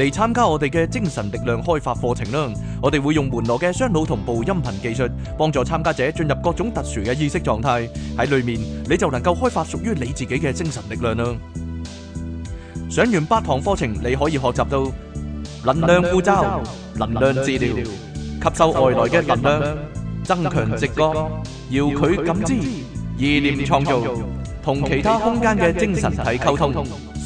嚟參加我哋嘅精神力量開發課程啦！我哋會用門羅嘅雙腦同步音頻技術，幫助參加者進入各種特殊嘅意識狀態。喺裡面你就能夠開發屬於你自己嘅精神力量啦！上完八堂課程，你可以學習到能量呼召、能量治療、吸收外來嘅能量、增強直覺、遙距感知、意念創造、同其他空間嘅精神體溝通。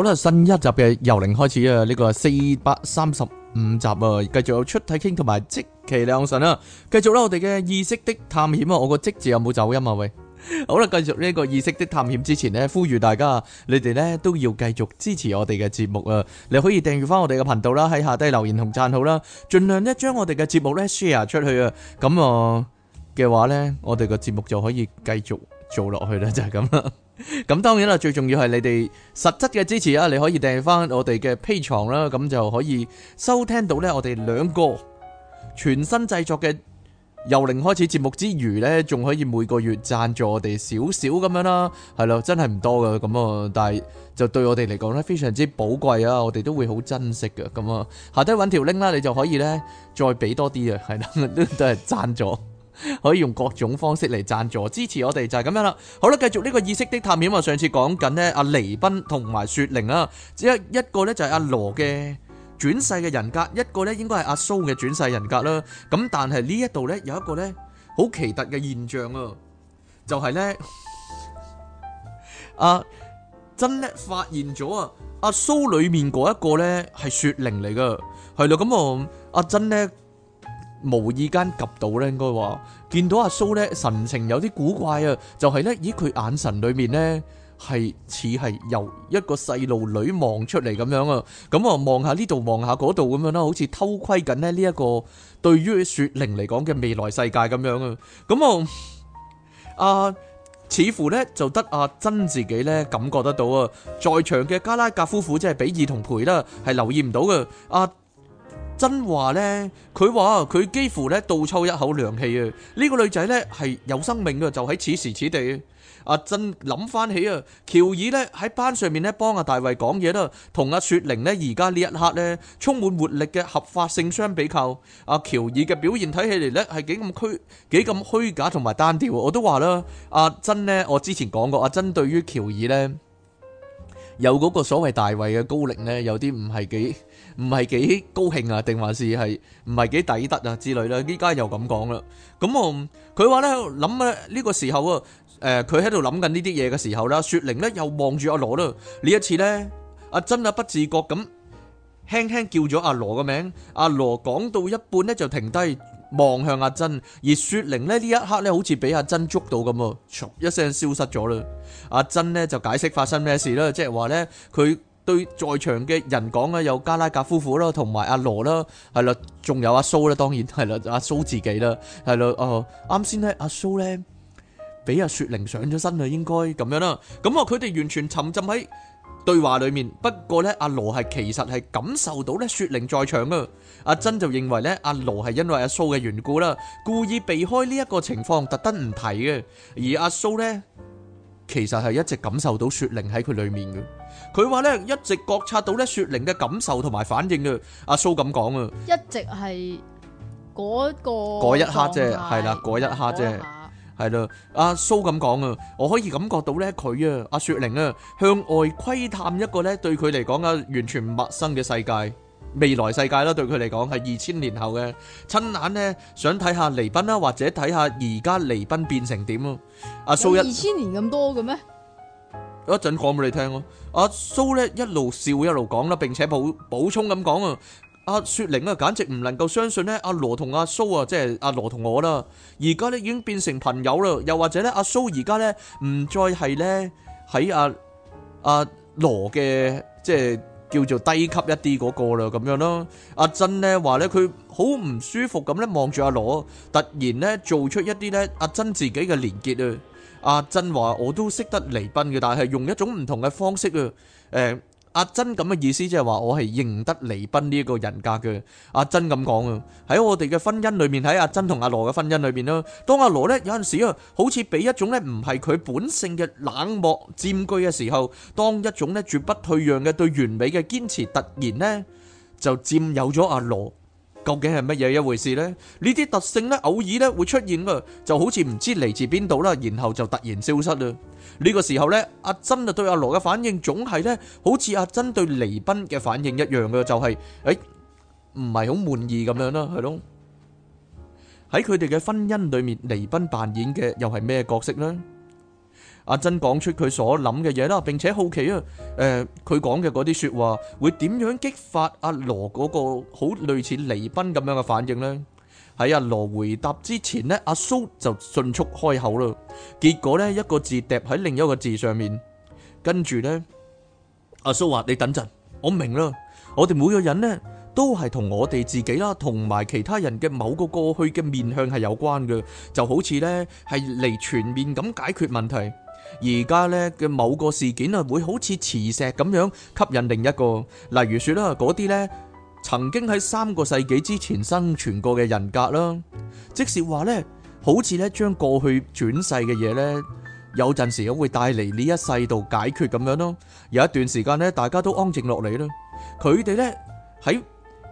好啦，新一集嘅由零開始啊，呢個四百三十五集啊，繼續有出體傾同埋積奇良神啊，繼續啦，我哋嘅意識的探險啊，我個積字有冇走音啊？喂，好啦，繼續呢個意識的探險之前呢，呼籲大家，你哋呢都要繼續支持我哋嘅節目啊！你可以訂閱翻我哋嘅頻道啦，喺下低留言同讚好啦，盡量呢將我哋嘅節目呢 share 出去啊！咁啊嘅話呢，我哋嘅節目就可以繼續做落去啦，就係咁啦。咁當然啦，最重要係你哋實質嘅支持啊！你可以訂翻我哋嘅 Patreon 啦，咁就可以收聽到呢我哋兩個全新製作嘅由零開始節目之餘呢，仲可以每個月贊助我哋少少咁樣啦，係咯，真係唔多噶咁啊，但係就對我哋嚟講呢，非常之寶貴啊，我哋都會好珍惜㗎。咁啊，下低搵條 link 啦，你就可以呢，再俾多啲啊，係啦，都係贊助。可以用各種方式嚟贊助，支持我哋就係咁樣啦。好啦，繼續呢個意識的探險。我上次講緊呢，阿黎賓同埋雪玲，啊，一個呢就係阿羅嘅轉世嘅人格，一個呢應該係阿蘇嘅轉世人格啦。咁但係呢度呢有一個呢好奇特嘅現象啊，就係呢阿珍呢發現咗啊，阿蘇裏面嗰一個呢係雪玲嚟㗎，係喇。咁啊阿珍呢無意間及到咧，應該話見到阿蘇咧神情有啲古怪啊，就係咧，咦佢眼神裏面咧，係似係由一個細路女望出嚟咁樣啊，咁啊望下呢度望下嗰度咁樣啦，好似偷窺緊咧呢一個對於雪玲嚟講嘅未來世界咁樣啊，咁啊阿似乎咧就得阿珍自己咧感覺得到啊，在場嘅加拉格夫婦即係比爾同裴啦，係留意唔到嘅阿。珍話呢，佢話佢幾乎呢倒抽一口涼氣啊！呢、這個女仔呢係有生命嘅，就喺此時此地啊！珍諗翻起啊，喬爾呢喺班上面呢幫阿大衛講嘢啦，同阿雪玲呢而家呢一刻呢充滿活力嘅合法性相比較，阿、啊、喬爾嘅表現睇起嚟呢係幾咁虛幾咁虛假同埋單調。我都話啦，阿、啊、珍呢，我之前講過，阿、啊、珍對於喬爾呢，有嗰個所謂大衛嘅高靈呢，有啲唔係幾。唔係幾高興啊，定還是係唔係幾抵得啊之類啦？依家又咁講啦，咁我佢話咧諗咧呢個時候啊，誒，佢喺度諗緊呢啲嘢嘅時候啦，雪玲咧又望住阿羅啦，呢一次咧，阿珍啊不自覺咁輕輕叫咗阿羅個名，阿羅講到一半咧就停低望向阿珍，而雪玲咧呢一刻咧好似俾阿珍捉到咁喎，一聲消失咗啦，阿珍咧就解釋發生咩事啦，即係話咧佢。對在場嘅人講啊，有加拉格夫婦啦，同埋阿羅啦，係啦，仲有阿蘇啦，當然係啦，阿蘇自己啦，係咯，哦，啱先咧，阿蘇咧俾阿雪玲上咗身啦，應該咁樣啦，咁啊，佢哋完全沉浸喺對話裏面。不過咧，阿羅係其實係感受到咧雪玲在場㗎。阿珍就認為咧，阿羅係因為阿蘇嘅緣故啦，故意避開呢一個情況，特登唔提嘅。而阿蘇咧，其實係一直感受到雪玲喺佢裏面嘅。佢話咧一直覺察到咧雪玲嘅感受同埋反應啊，阿蘇咁講啊，一直係嗰個嗰一刻啫，係啦，嗰一刻啫，係啦，阿蘇咁講啊，我可以感覺到咧佢啊，阿雪玲啊，向外窺探一個咧對佢嚟講啊完全陌生嘅世界，未來世界啦，對佢嚟講係二千年後嘅，親眼咧想睇下黎賓啦，或者睇下而家黎賓變成點啊，阿蘇一二千年咁多嘅咩？一陣講俾你聽咯，阿蘇咧一路笑一路講啦，並且補補充咁講啊，阿雪玲啊簡直唔能夠相信咧，阿羅同阿蘇啊，即係阿羅同我啦，而家咧已經變成朋友啦，又或者咧阿蘇而家咧唔再係咧喺阿阿羅嘅，即係叫做低級一啲嗰個啦咁樣咯。阿珍呢話咧佢好唔舒服咁咧望住阿羅，突然咧做出一啲咧阿珍自己嘅連結啊。阿珍話，我都識得離賓嘅，但係用一種唔同嘅方式啊。誒，阿珍咁嘅意思，即係話我係認得離賓呢一個人格嘅。阿珍咁講啊，喺我哋嘅婚姻裏面，喺阿珍同阿羅嘅婚姻裏面啦。當阿羅咧有陣時啊，好似俾一種咧唔係佢本性嘅冷漠佔據嘅時候，當一種咧絕不退讓嘅對完美嘅堅持突然咧就佔有咗阿羅。究竟係乜嘢一回事咧？呢啲特性咧，偶爾咧會出現嘅，就好似唔知嚟自邊度啦，然後就突然消失啦！呢個時候咧，阿珍就對阿羅嘅反應總係咧，好似阿珍對黎賓嘅反應一樣嘅，就係誒唔係好滿意咁樣啦，係咯？喺佢哋嘅婚姻裏面，黎賓扮演嘅又係咩角色咧？阿珍講出佢所諗嘅嘢啦，並且好奇啊，誒，佢講嘅嗰啲說話會點樣激發阿羅嗰個好類似離賓咁樣嘅反應咧？喺阿羅回答之前咧，阿蘇就迅速開口啦。結果咧，一個字疊喺另一個字上面，跟住咧，阿蘇話：你等陣，我明啦。我哋每個人咧，都係同我哋自己啦，同埋其他人嘅某個過去嘅面向係有關嘅，就好似咧係嚟全面咁解決問題。.而家呢嘅某個事件啊，會好似磁石咁樣吸引另一個，例如說啦，嗰啲呢曾經喺三個世紀之前生存過嘅人格啦，即是話呢好似呢將過去轉世嘅嘢呢，有陣時會帶嚟呢一世度解決咁樣咯。有一段時間呢，大家都安靜落嚟啦，佢哋呢喺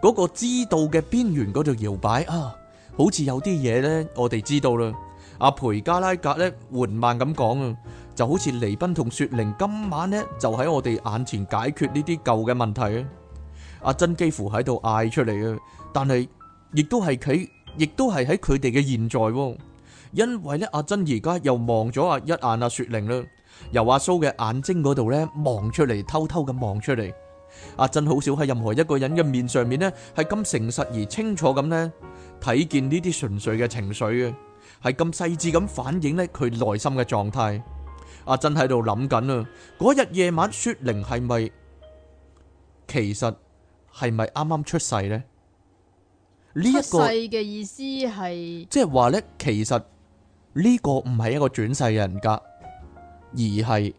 嗰個知道嘅邊緣嗰度搖擺啊，好似有啲嘢呢，我哋知道啦。阿培加拉格呢緩慢咁講啊。就好似黎斌同雪玲今晚咧，就喺我哋眼前解決呢啲舊嘅問題啊！阿珍幾乎喺度嗌出嚟啊，但係亦都係佢，亦都係喺佢哋嘅現在，因為咧，阿珍而家又望咗阿一眼阿雪玲啦，由阿蘇嘅眼睛嗰度咧望出嚟，偷偷咁望出嚟。阿珍好少喺任何一個人嘅面上面咧，係咁誠實而清楚咁咧睇見呢啲純粹嘅情緒啊，係咁細致咁反映咧佢內心嘅狀態。阿珍喺度諗緊啊！嗰日夜晚雪，雪玲係咪其實係咪啱啱出世呢？出世嘅意思係即係話呢，就是，其實呢個唔係一個轉世嘅人格，而係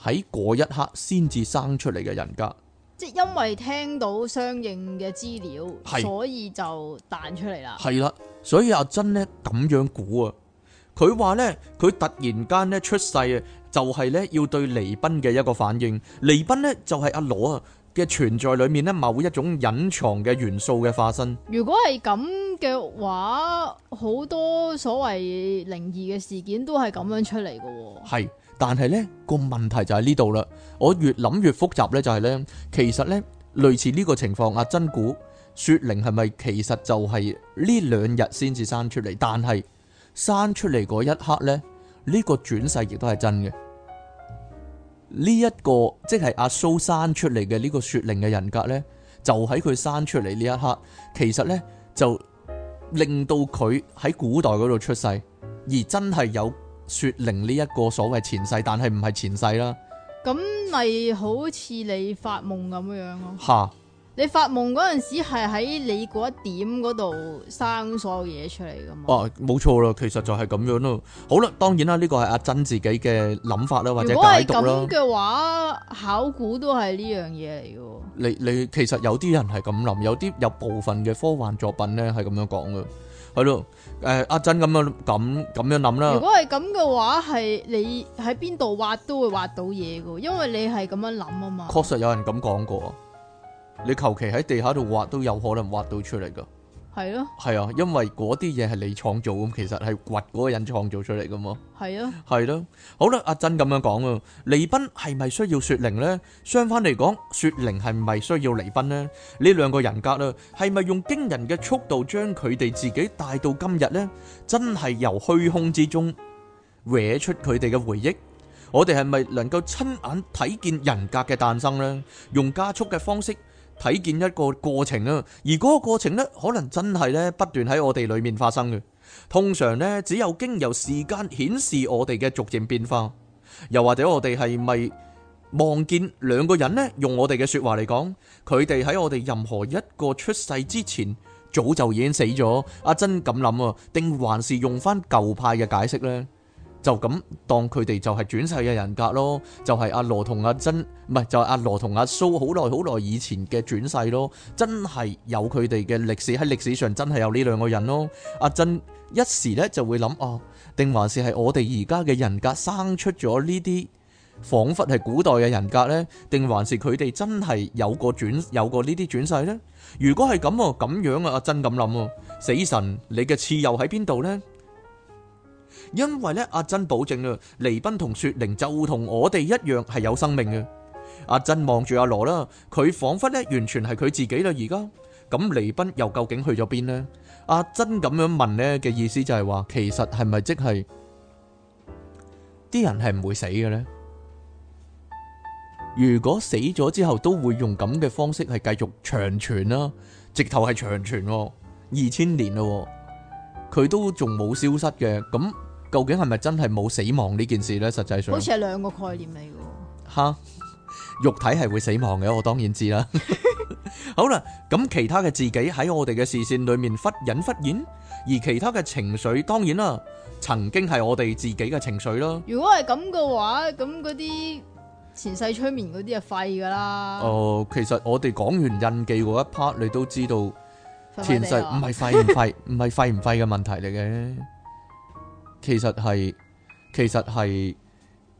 喺嗰一刻先至生出嚟嘅人格。即係因為聽到相應嘅資料，所以就彈出嚟啦。係啦，所以阿珍呢，咁樣估啊！佢話呢，佢突然間呢出世啊，就係呢要對離賓嘅一個反應。離賓呢，就係阿羅啊嘅存在裏面呢某一種隱藏嘅元素嘅化身。如果係咁嘅話，好多所謂靈異嘅事件都係咁樣出嚟嘅。係，但係呢個問題就喺呢度啦。我越諗越複雜呢就係、是、呢。其實呢，類似呢個情況，阿珍古雪玲係咪其實就係呢兩日先至生出嚟？但係。生出嚟嗰一刻呢，呢、這個轉世亦都係真嘅。呢、這、一個即係阿蘇生出嚟嘅呢個雪靈嘅人格呢，就喺佢生出嚟呢一刻，其實呢，就令到佢喺古代嗰度出世，而真係有雪靈呢一個所謂前世，但係唔係前世啦。咁咪好似你發夢咁樣樣咯。吓、啊。你發夢嗰陣時係喺你嗰一點嗰度生所有嘢出嚟噶嘛？啊，冇錯啦，其實就係咁樣咯。好啦，當然啦，呢個係阿珍自己嘅諗法啦，或者解讀啦。如果係咁嘅話，考古都係呢樣嘢嚟嘅。你你其實有啲人係咁諗，有啲有部分嘅科幻作品咧係咁樣講噶，係咯。誒，阿珍咁樣咁咁樣諗啦。如果係咁嘅話，係你喺邊度挖都會挖到嘢噶，因為你係咁樣諗啊嘛。確實有人咁講過。你求其喺地下度挖都有可能挖到出嚟噶，係咯，係啊，因為嗰啲嘢係你創造咁，其實係掘嗰個人創造出嚟噶嘛，係啊！係咯，好啦，阿珍咁樣講啊，離賓係咪需要雪靈呢？相反嚟講，雪靈係咪需要離賓呢？呢兩個人格啊，係咪用驚人嘅速度將佢哋自己帶到今日呢？真係由虛空之中搲出佢哋嘅回憶，我哋係咪能夠親眼睇見人格嘅誕生呢？用加速嘅方式？睇見一個過程啊，而嗰個過程呢，可能真係咧不斷喺我哋裏面發生嘅。通常呢，只有經由時間顯示我哋嘅逐漸變化，又或者我哋係咪望見兩個人呢？用我哋嘅說話嚟講，佢哋喺我哋任何一個出世之前，早就已經死咗。阿珍咁諗啊，定還是用翻舊派嘅解釋呢？就咁當佢哋就係轉世嘅人格咯，就係、是、阿羅同阿珍，唔係就係、是、阿羅同阿蘇好耐好耐以前嘅轉世咯，真係有佢哋嘅歷史，喺歷史上真係有呢兩個人咯。阿珍一時呢就會諗啊，定、哦、還是係我哋而家嘅人格生出咗呢啲，彷彿係古代嘅人格呢？定還是佢哋真係有個轉有個呢啲轉世呢？」如果係咁哦，咁樣啊，阿珍咁諗哦，死神你嘅刺又喺邊度呢？」因為咧，阿珍保證啦，黎賓同雪玲就同我哋一樣係有生命嘅。阿珍望住阿羅啦，佢仿佛咧完全係佢自己啦。而家咁，黎賓又究竟去咗邊咧？阿珍咁樣問咧嘅意思就係話，其實係咪即係啲人係唔會死嘅咧？如果死咗之後都會用咁嘅方式係繼續長存啦，直頭係長存喎，二千年啦，佢都仲冇消失嘅咁。究竟係咪真係冇死亡呢件事呢？實際上好似係兩個概念嚟嘅吓，肉體係會死亡嘅，我當然知啦。 好啦，咁其他嘅自己喺我哋嘅視線裏面忽隱忽現，而其他嘅情緒當然啦，曾經係我哋自己嘅情緒囉。如果係咁嘅話，咁嗰啲前世催眠嗰啲就廢噶啦。哦、呃，其實我哋講完印記嗰一 part，你都知道前世唔係廢唔廢，唔係廢唔廢嘅問題嚟嘅。 其實係，其實係，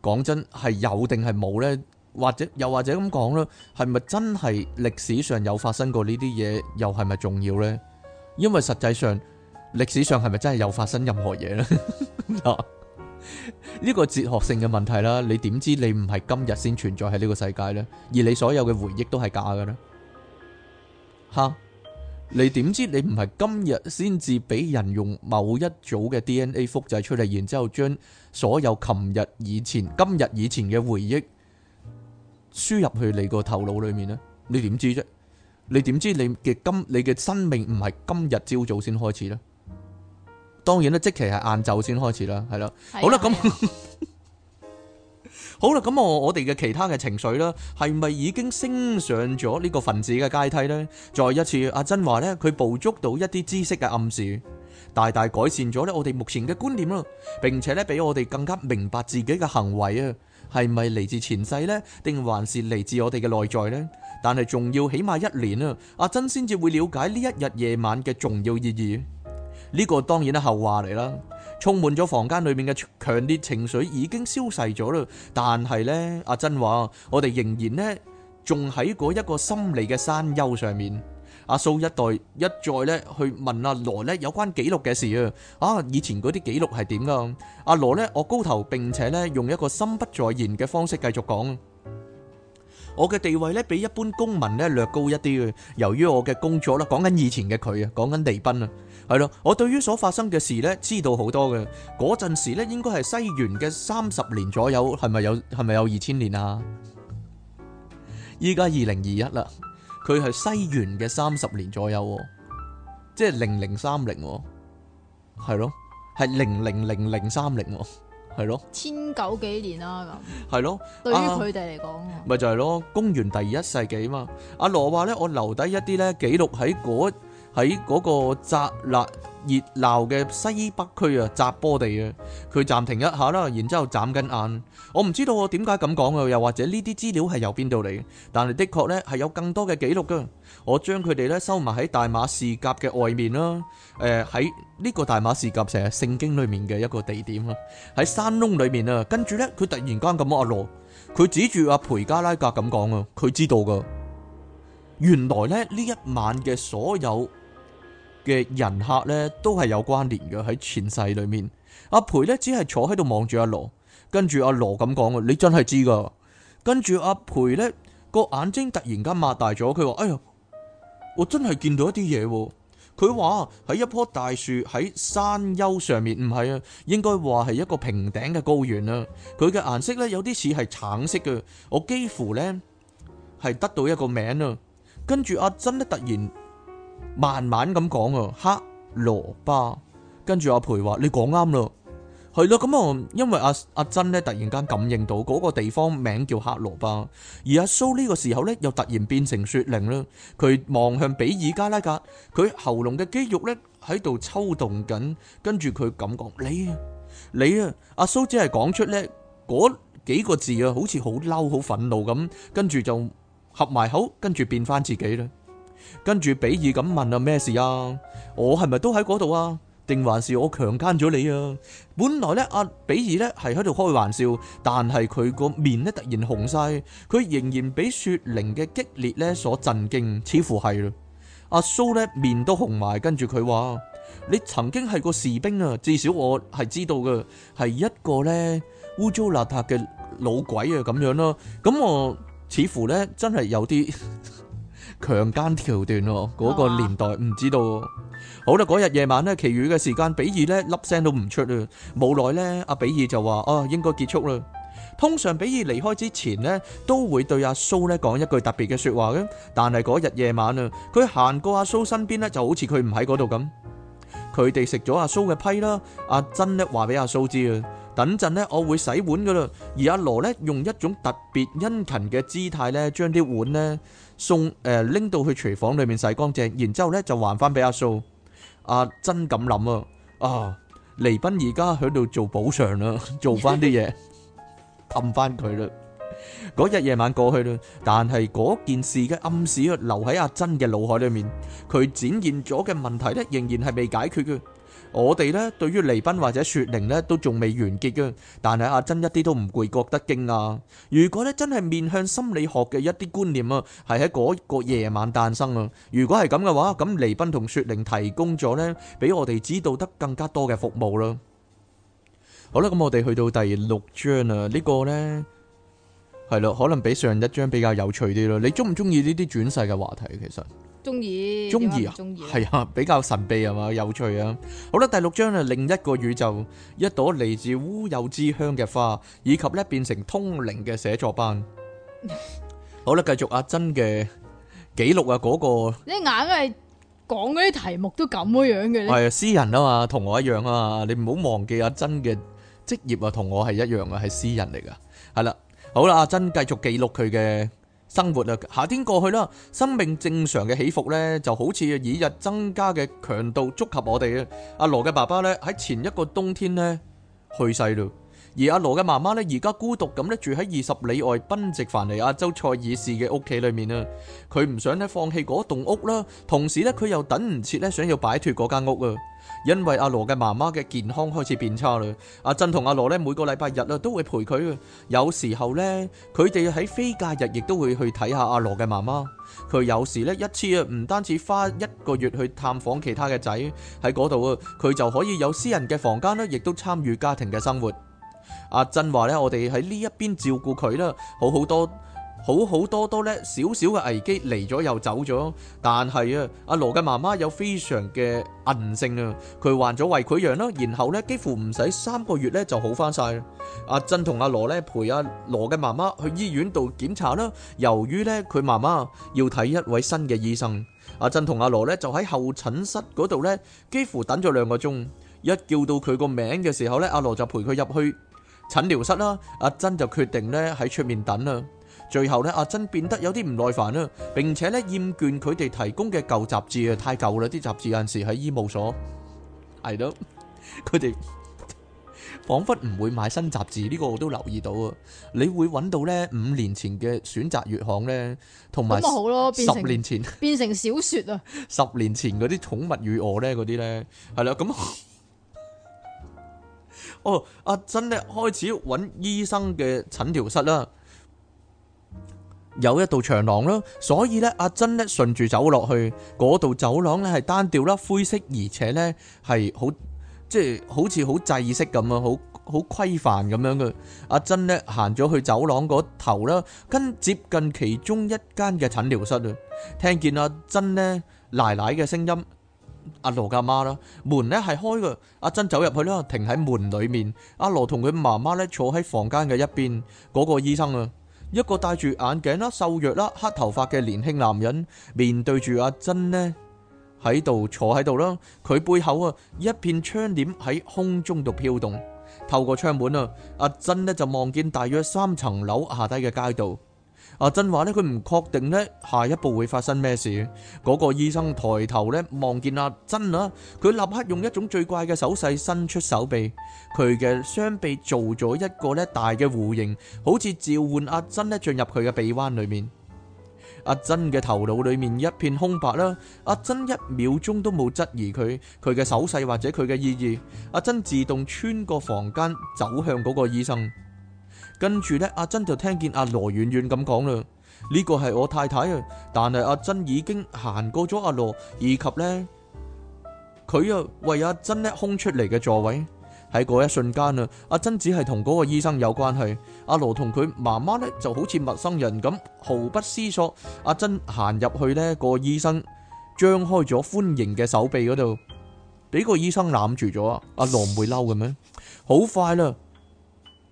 講真係有定係冇呢？或者又或者咁講啦，係咪真係歷史上有發生過呢啲嘢，又係咪重要呢？因為實際上歷史上係咪真係有發生任何嘢呢？呢 個哲學性嘅問題啦，你點知你唔係今日先存在喺呢個世界呢？而你所有嘅回憶都係假嘅呢？吓？你點知你唔係今日先至俾人用某一組嘅 DNA 複製出嚟，然之後將所有琴日以前、今日以前嘅回憶輸入去你個頭腦裏面咧？你點知啫？你點知你嘅今你嘅生命唔係今日朝早先開始咧？當然啦，即係係晏晝先開始啦，係啦。好啦，咁。好啦，咁我我哋嘅其他嘅情緒啦，係咪已經升上咗呢個分子嘅階梯呢？再一次，阿珍話呢，佢捕捉到一啲知識嘅暗示，大大改善咗咧我哋目前嘅觀點囉。並且咧，俾我哋更加明白自己嘅行為啊，係咪嚟自前世呢，定還是嚟自我哋嘅內在呢？但係仲要起碼一年啊，阿珍先至會了解呢一日夜晚嘅重要意義。呢個當然係後話嚟啦。充滿咗房間裏面嘅強烈情緒已經消逝咗啦，但係呢，阿珍話我哋仍然呢仲喺嗰一個心理嘅山丘上面。阿蘇一代一再呢去問阿羅呢有關記錄嘅事啊，啊以前嗰啲記錄係點噶？阿羅呢我高頭，並且呢用一個心不在焉嘅方式繼續講。我嘅地位呢比一般公民呢略高一啲啊，由於我嘅工作啦，講緊以前嘅佢啊，講緊黎賓啊。係咯，我對於所發生嘅事咧，知道好多嘅。嗰陣時咧，應該係西元嘅三十年左右，係咪有係咪有二千年啊？依家二零二一啦，佢係西元嘅三十年左右，即係零零三零，係咯，係零零零零三零，係咯。千九幾年啦咁。係咯，對於佢哋嚟講，咪就係咯，公元第一世紀嘛。阿羅話咧，我留低一啲咧記錄喺嗰喺嗰個雜鬧熱鬧嘅西北區啊，雜波地啊，佢暫停一下啦，然之後眨緊眼。我唔知道我點解咁講啊，又或者呢啲資料係由邊度嚟？但係的確咧係有更多嘅記錄噶。我將佢哋咧收埋喺大馬士革嘅外面啦。誒喺呢個大馬士革成日聖經裡面嘅一個地點啊，喺山窿裏面啊。跟住咧佢突然間咁話：羅，佢指住阿培加拉格咁講啊，佢知道噶。原來咧呢一晚嘅所有。嘅人客呢都係有關聯嘅喺前世裏面，阿培呢只係坐喺度望住阿羅，跟住阿羅咁講嘅，你真係知噶。跟住阿培呢個眼睛突然間擘大咗，佢話：哎呀，我真係見到一啲嘢。佢話喺一棵大樹喺山丘上面，唔係啊，應該話係一個平頂嘅高原啦啊。佢嘅顏色呢有啲似係橙色嘅。我幾乎呢係得到一個名啦。跟住阿珍呢突然。慢慢咁講啊，黑羅巴。跟住阿培話：你講啱啦，係咯。咁啊，因為阿阿珍咧突然間感應到嗰個地方名叫黑羅巴，而阿蘇呢個時候咧又突然變成雪玲啦。佢望向比爾加拉格，佢喉嚨嘅肌肉咧喺度抽動緊，跟住佢咁講：你啊，你啊，阿蘇只係講出咧嗰幾個字啊，好似好嬲、好憤怒咁，跟住就合埋口，跟住變翻自己啦。跟住比爾咁問啊咩事啊？我係咪都喺嗰度啊？定還是我強奸咗你啊？本來呢，阿比爾呢係喺度開玩笑，但係佢個面呢突然紅晒，佢仍然俾雪玲嘅激烈呢所震驚，似乎係啦。阿蘇呢面都紅埋，跟住佢話：你曾經係個士兵啊，至少我係知道嘅，係一個呢污糟邋遢嘅老鬼啊咁樣咯。咁我似乎呢，真係有啲。 強姦橋段咯，嗰個年代唔知道。好啦，嗰日夜晚咧，其餘嘅時間，比爾咧粒聲都唔出啊。無奈咧，阿比爾就話：哦，應該結束啦。通常比爾離開之前咧，都會對阿蘇咧講一句特別嘅說話嘅。但係嗰日夜晚啊，佢行過阿蘇身邊咧，就好似佢唔喺嗰度咁。佢哋食咗阿蘇嘅批啦，阿珍咧話俾阿蘇知啊。等陣呢，我會洗碗噶啦。而阿羅呢，用一種特別殷勤嘅姿態呢，將啲碗呢送誒拎到去廚房裏面洗乾淨。然之後呢，就還翻俾阿蘇。阿珍咁諗啊，啊，黎賓而家喺度做補償啦，做翻啲嘢氹翻佢啦。嗰日夜晚過去啦，但係嗰件事嘅暗示留喺阿珍嘅腦海裏面，佢展現咗嘅問題呢，仍然係未解決嘅。我哋咧，對於黎賓或者雪玲咧，都仲未完結嘅，但係阿珍一啲都唔攰，覺得驚訝。如果咧真係面向心理學嘅一啲觀念啊，係喺嗰個夜晚誕生啊。如果係咁嘅話，咁黎賓同雪玲提供咗咧，俾我哋知道得更加多嘅服務啦。好啦，咁我哋去到第六章啊，呢個咧係咯，可能比上一章比較有趣啲咯。你中唔中意呢啲轉世嘅話題？其實？中意，中意啊，係啊，比較神秘啊嘛，有趣啊。好啦，第六章啊，另一個宇宙，一朵嚟自烏有之鄉嘅花，以及咧變成通靈嘅寫作班。 好啦，繼續阿珍嘅記錄啊，嗰、那個你硬係講嗰啲題目都咁樣樣嘅咧，係啊，詩人啊嘛，同我一樣啊，你唔好忘記阿珍嘅職業啊，同我係一樣啊，係詩人嚟噶。係啦，好啦，阿珍繼續記錄佢嘅。生活啊，夏天過去啦，生命正常嘅起伏咧，就好似以日增加嘅強度觸及我哋啊。阿羅嘅爸爸咧，喺前一個冬天咧去世了，而阿羅嘅媽媽咧，而家孤獨咁咧住喺二十里外賓夕凡尼亞州賽爾市嘅屋企裏面啊。佢唔想咧放棄嗰棟屋啦，同時咧佢又等唔切咧想要擺脫嗰間屋啊。因為阿羅嘅媽媽嘅健康開始變差啦，阿珍同阿羅呢，每個禮拜日啊都會陪佢嘅，有時候呢，佢哋喺非假日亦都會去睇下阿羅嘅媽媽。佢有時呢，一次啊唔單止花一個月去探訪其他嘅仔喺嗰度啊，佢就可以有私人嘅房間啦，亦都參與家庭嘅生活。阿珍話呢，我哋喺呢一邊照顧佢啦，好好多。好好多多呢，少少嘅危機嚟咗又走咗，但係啊，阿羅嘅媽媽有非常嘅韌性啊！佢患咗胃潰瘍啦，然後呢，幾乎唔使三個月呢就好翻晒。阿珍同阿羅呢，陪阿羅嘅媽媽去醫院度檢查啦。由於呢，佢媽媽要睇一位新嘅醫生，阿珍同阿羅呢，就喺候診室嗰度呢，幾乎等咗兩個鐘。一叫到佢個名嘅時候呢，阿羅就陪佢入去診療室啦。阿珍就決定呢，喺出面等啦。最後咧，阿珍變得有啲唔耐煩啦，並且咧厭倦佢哋提供嘅舊雜誌啊，太舊啦！啲雜誌有陣時喺醫務所，係咯，佢哋仿佛唔會買新雜誌。呢、這個我都留意到啊！你會揾到咧五年前嘅選擇月刊咧，同埋十年前好變，成變成小說啊！十 年前嗰啲寵物與我咧，嗰啲咧係啦。咁 哦，阿珍咧開始揾醫生嘅診療室啦。有一道長廊咯，所以咧，阿珍咧順住走落去嗰道走廊咧係單調啦，灰色，而且咧係好即係好似好制式咁啊，好好規範咁樣嘅。阿珍咧行咗去走廊嗰頭啦，跟接近其中一間嘅診療室啊，聽見阿珍咧奶奶嘅聲音，阿羅嘅媽啦，門咧係開嘅，阿珍走入去啦，停喺門裡面。阿羅同佢媽媽咧坐喺房間嘅一邊，嗰個醫生啊。一個戴住眼鏡啦、瘦弱啦、黑頭髮嘅年輕男人，面對住阿珍呢，喺度坐喺度啦。佢背後啊，一片窗簾喺空中度飄動。透過窗門啊，阿珍呢就望見大約三層樓下低嘅街道。阿珍話咧，佢唔確定呢，下一步會發生咩事。嗰、那個醫生抬頭咧，望見阿珍啊，佢立刻用一種最怪嘅手勢伸出手臂，佢嘅雙臂做咗一個咧大嘅弧形，好似召喚阿珍呢進入佢嘅臂彎裏面。阿珍嘅頭腦裏面一片空白啦，阿珍一秒鐘都冇質疑佢，佢嘅手勢或者佢嘅意義。阿珍自動穿過房間走向嗰個醫生。跟住呢，阿珍就聽見阿羅遠遠咁講啦：呢個係我太太啊！但係阿珍已經行過咗阿羅，以及呢，佢啊為阿珍咧空出嚟嘅座位。喺嗰一瞬間啊，阿珍只係同嗰個醫生有關係，阿羅同佢媽媽呢就好似陌生人咁毫不思索。阿珍行入去呢個醫生張開咗歡迎嘅手臂嗰度，俾個醫生攬住咗。阿羅唔會嬲嘅咩？好快啦！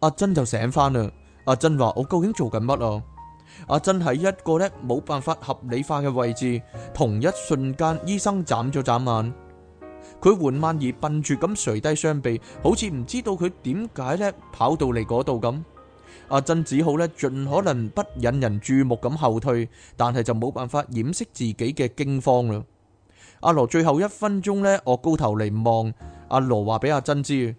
阿珍就醒翻啦！阿珍話：我究竟做緊乜啊？阿珍喺一個呢冇辦法合理化嘅位置，同一瞬間，醫生眨咗眨眼，佢緩慢而笨拙咁垂低雙臂，好似唔知道佢點解呢跑到嚟嗰度咁。阿珍只好呢盡可能不引人注目咁後退，但係就冇辦法掩飾自己嘅驚慌啦。阿羅最後一分鐘呢，我高頭嚟望阿羅話俾阿珍知。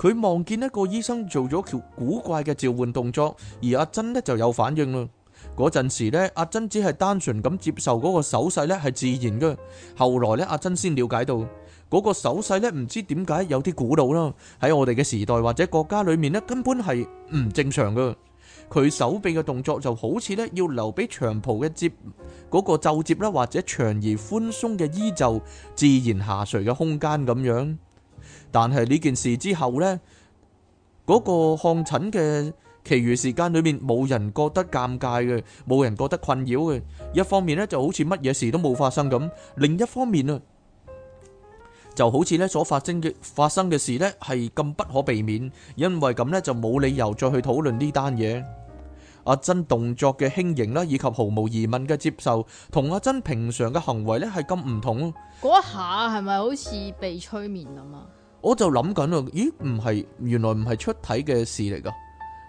佢望見一個醫生做咗條古怪嘅召喚動作，而阿珍呢就有反應啦。嗰陣時呢，阿珍只係單純咁接受嗰個手勢呢係自然㗎。後來呢，阿珍先了解到嗰、那個手勢呢唔知點解有啲古老啦。喺我哋嘅時代或者國家裏面呢，根本係唔正常噶。佢手臂嘅動作就好似呢要留俾長袍嘅摺嗰個皺褶啦，或者長而寬鬆嘅衣袖自然下垂嘅空間咁樣。但係呢件事之後呢，嗰、那個看診嘅其餘時間裏面，冇人覺得尷尬嘅，冇人覺得困擾嘅。一方面呢，就好似乜嘢事都冇發生咁，另一方面啊，就好似呢所發生嘅發生嘅事呢，係咁不可避免，因為咁呢，就冇理由再去討論呢單嘢。阿珍動作嘅輕盈啦，以及毫無疑問嘅接受，同阿珍平常嘅行為呢，係咁唔同。嗰一下係咪好似被催眠咁啊？嘛？我就諗緊咯，咦？唔係，原來唔係出體嘅事嚟噶，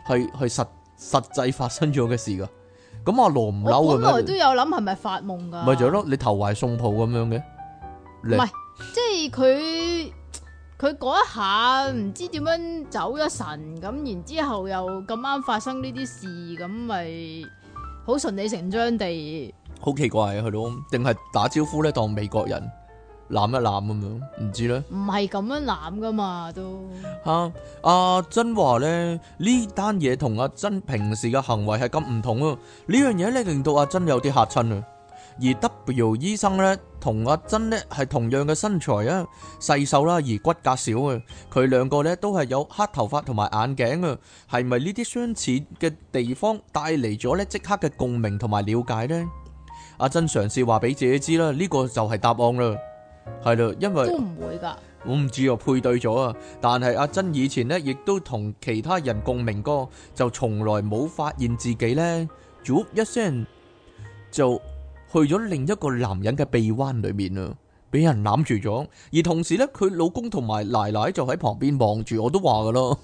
係係實實際發生咗嘅事噶。咁阿羅唔嬲啊？咁我都有諗係咪發夢噶？咪就係咯，你投懷送抱咁樣嘅。唔係，即係佢佢嗰一下唔知點樣走咗神，咁然之後又咁啱發生呢啲事，咁咪好順理成章地好奇怪啊！佢都定係打招呼咧，當美國人。攬一攬咁樣，唔知咧，唔係咁樣攬噶嘛都吓。阿珍話咧呢單嘢同阿珍平時嘅行為係咁唔同啊，呢樣嘢咧令到阿珍有啲嚇親啊。而 W 醫生咧同阿珍咧係同樣嘅身材啊，細瘦啦，而骨架小啊。佢兩個咧都係有黑頭髮同埋眼鏡啊。係咪呢啲相似嘅地方帶嚟咗咧即刻嘅共鳴同埋了解咧？阿珍嘗試話俾自己知啦，呢個就係答案啦。係咯，因為唔會噶，我唔知啊，配對咗啊。但係阿珍以前呢，亦都同其他人共鳴過，就從來冇發現自己呢，喐一聲就去咗另一個男人嘅臂彎裏面啊，俾人攬住咗。而同時呢，佢老公同埋奶奶就喺旁邊望住，我都話噶咯，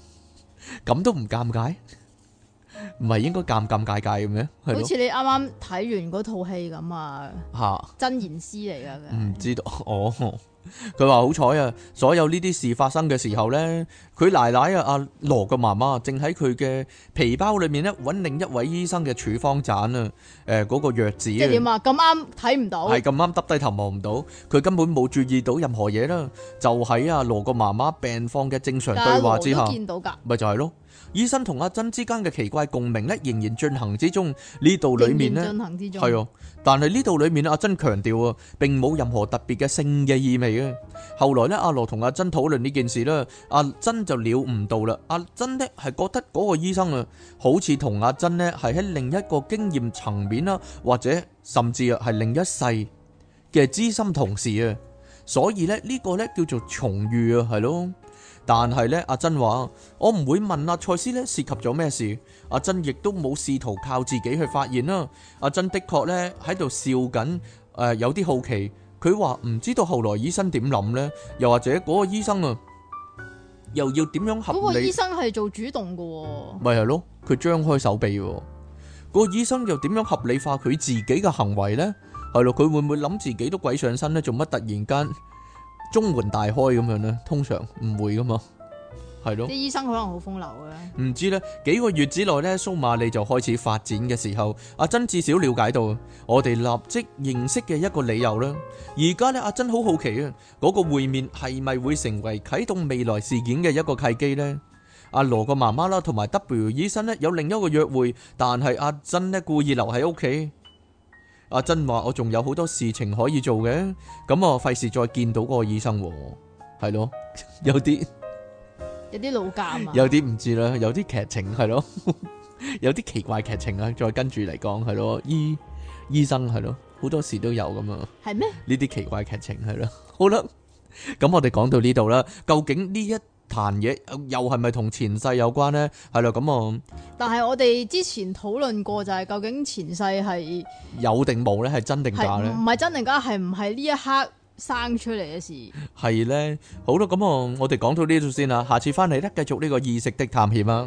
咁都唔尷尬？唔係應該尷尷尬尬咁咩？好似你啱啱睇完嗰套戲咁啊，真言師嚟噶，唔知道哦。佢話好彩啊，所有呢啲事發生嘅時候咧，佢 奶奶啊，阿羅個媽媽正喺佢嘅皮包裏面咧揾另一位醫生嘅處方盞啊，誒、呃、嗰、那個藥紙。即係點啊？咁啱睇唔到，係咁啱耷低頭望唔到，佢根本冇注意到任何嘢啦。就喺阿羅個媽媽病況嘅正常對話之下，見到噶，咪就係、是、咯。醫生同阿珍之間嘅奇怪共鳴咧，仍然進行之中呢度，啊、裏面咧係哦，但係呢度裏面阿珍強調啊，並冇任何特別嘅性嘅意味嘅。後來咧，阿羅同阿珍討論呢件事啦，阿珍就了唔到啦。阿珍咧係覺得嗰個醫生啊，好似同阿珍咧係喺另一個經驗層面啦，或者甚至啊係另一世嘅知心同事啊，所以、這個、呢，呢個呢叫做重遇啊，係咯。但係呢，阿珍話我唔會問阿賽斯咧涉及咗咩事。阿珍亦都冇試圖靠自己去發現啦。阿珍的確呢，喺度笑緊，誒、呃、有啲好奇。佢話唔知道後來醫生點諗呢，又或者嗰個醫生啊，又要點樣合理化？嗰、那個醫生係做主動噶、哦，咪係咯？佢張開手臂，嗰、那個醫生又點樣合理化佢自己嘅行為呢？係咯？佢會唔會諗自己都鬼上身呢？做乜突然間？中門大開咁樣咧，通常唔會噶嘛，係咯。啲醫生可能好風流嘅。唔知咧，幾個月之內咧，蘇馬利就開始發展嘅時候，阿珍至少瞭解到我哋立即認識嘅一個理由啦。而家咧，阿珍好好奇啊，嗰個會面係咪會成為啟動未來事件嘅一個契機呢？阿羅個媽媽啦，同埋 W 醫生呢，有另一個約會，但係阿珍呢，故意留喺屋企。阿珍話：我仲有好多事情可以做嘅，咁我費事再見到嗰個醫生，係咯，有啲有啲老監啊，有啲唔知啦，有啲劇情係咯，有啲奇怪劇情啊，再跟住嚟講係咯，醫醫生係咯，好多時都有咁啊，係咩？呢啲奇怪劇情係咯，好啦，咁我哋講到呢度啦，究竟呢一？彈嘢又係咪同前世有關呢？係啦，咁啊。但係我哋之前討論過就係究竟前世係有定冇呢？係真定假呢？唔係真定假，係唔係呢一刻生出嚟嘅事？係呢。好啦，咁啊，我哋講到呢度先啦，下次翻嚟咧，繼續呢個意識的探險啊。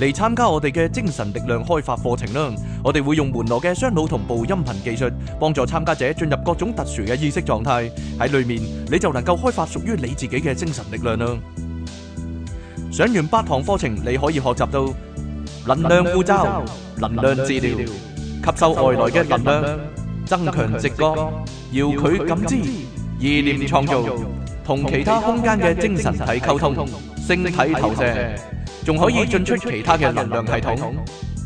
嚟參加我哋嘅精神力量開發課程啦！我哋會用門羅嘅雙腦同步音頻技術，幫助參加者進入各種特殊嘅意識狀態。喺裏面你就能夠開發屬於你自己嘅精神力量啦！上完八堂課程，你可以學習到能量護罩、能量治療、吸收外來嘅能量、增強直覺、遙距感知、意念創造、同其他空間嘅精神體溝通，晶體投射，仲可以進出其他嘅能量系統。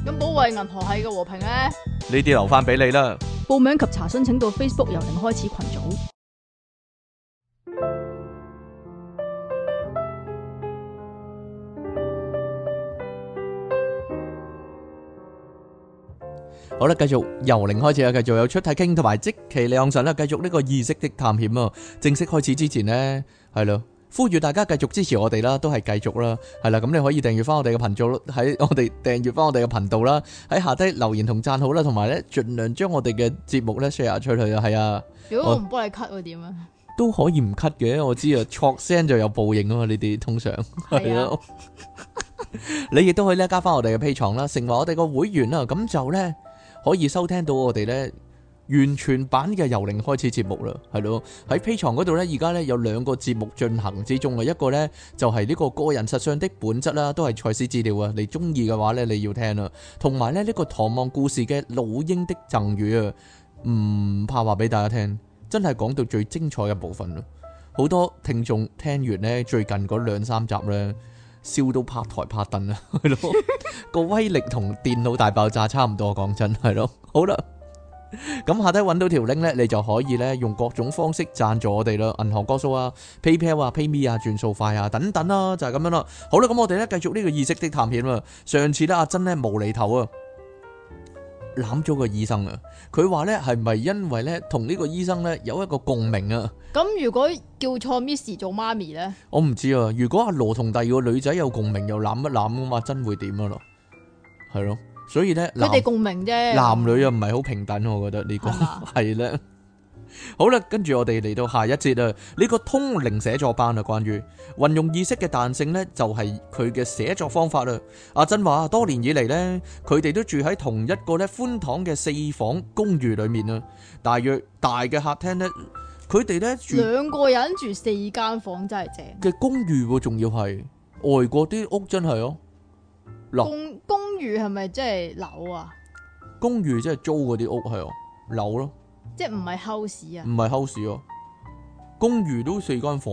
咁保衛銀河系嘅和平咧？呢啲留翻俾你啦。報名及查詢，請到 Facebook 由零開始群組。好啦，繼續由零開始啦，繼續有出體傾同埋即其兩神啦，繼續呢個意識的探險啊！正式開始之前呢，係咯。呼籲大家繼續支持我哋啦，都係繼續啦，係啦，咁你可以訂閱翻我哋嘅頻道，喺我哋訂閱翻我哋嘅頻道啦，喺下低留言同讚好啦，同埋咧盡量將我哋嘅節目咧 share 出去啊，係啊，如果我唔幫你 cut 會點啊？都可以唔 cut 嘅，我知啊，錯 聲就有報應啊嘛，呢啲通常係咯。 是的 你亦都可以咧加翻我哋嘅 P 床啦，成為我哋個會員啦，咁就咧可以收聽到我哋咧。完全版嘅由零開始節目啦，係咯，喺 Patreon 嗰度呢，而家呢，有兩個節目進行之中啊，一個呢，就係、是、呢、這個個人實相的本質啦、啊，都係賽斯資料啊，你中意嘅話呢，你要聽啊。同埋呢，呢、這個《唐望故事》嘅老鷹的贈予啊，唔怕話俾大家聽，真係講到最精彩嘅部分咯，好多聽眾聽完呢，最近嗰兩三集呢，笑到拍台拍凳啊。個 威力同電腦大爆炸差唔多，講真係咯，好啦。咁 下低揾到條 link 咧，你就可以咧用各種方式贊助我哋啦，銀行個數啊、PayPal 啊、PayMe 啊、轉數快啊等等啦，就係咁樣啦。好啦，咁我哋咧繼續呢個意識的探險啊。上次咧阿珍咧無厘頭啊攬咗個醫生啊，佢話咧係咪因為咧同呢個醫生咧有一個共鳴啊？咁如果叫錯 Miss 做媽咪咧，我唔知啊。如果阿羅同第二個女仔有共鳴又攬一攬啊嘛，真會點啊？咯係咯。所以咧，佢哋共鳴啫。男女又唔係好平等，我覺得呢、這個係啦。 好啦，跟住我哋嚟到下一節啊，呢、這個通靈寫作班啊，關於運用意識嘅彈性咧，就係佢嘅寫作方法啦。阿珍話，多年以嚟咧，佢哋都住喺同一個咧寬敞嘅四房公寓裏面啊。大約大嘅客廳咧，佢哋咧住兩個人住四間房，真係正嘅公寓喎，仲要係外國啲屋真係哦。公公寓係咪即係樓啊？公寓即係租嗰啲屋係哦，樓咯、啊啊，即係唔係 house 啊？唔係 house 哦、啊，公寓都四間房。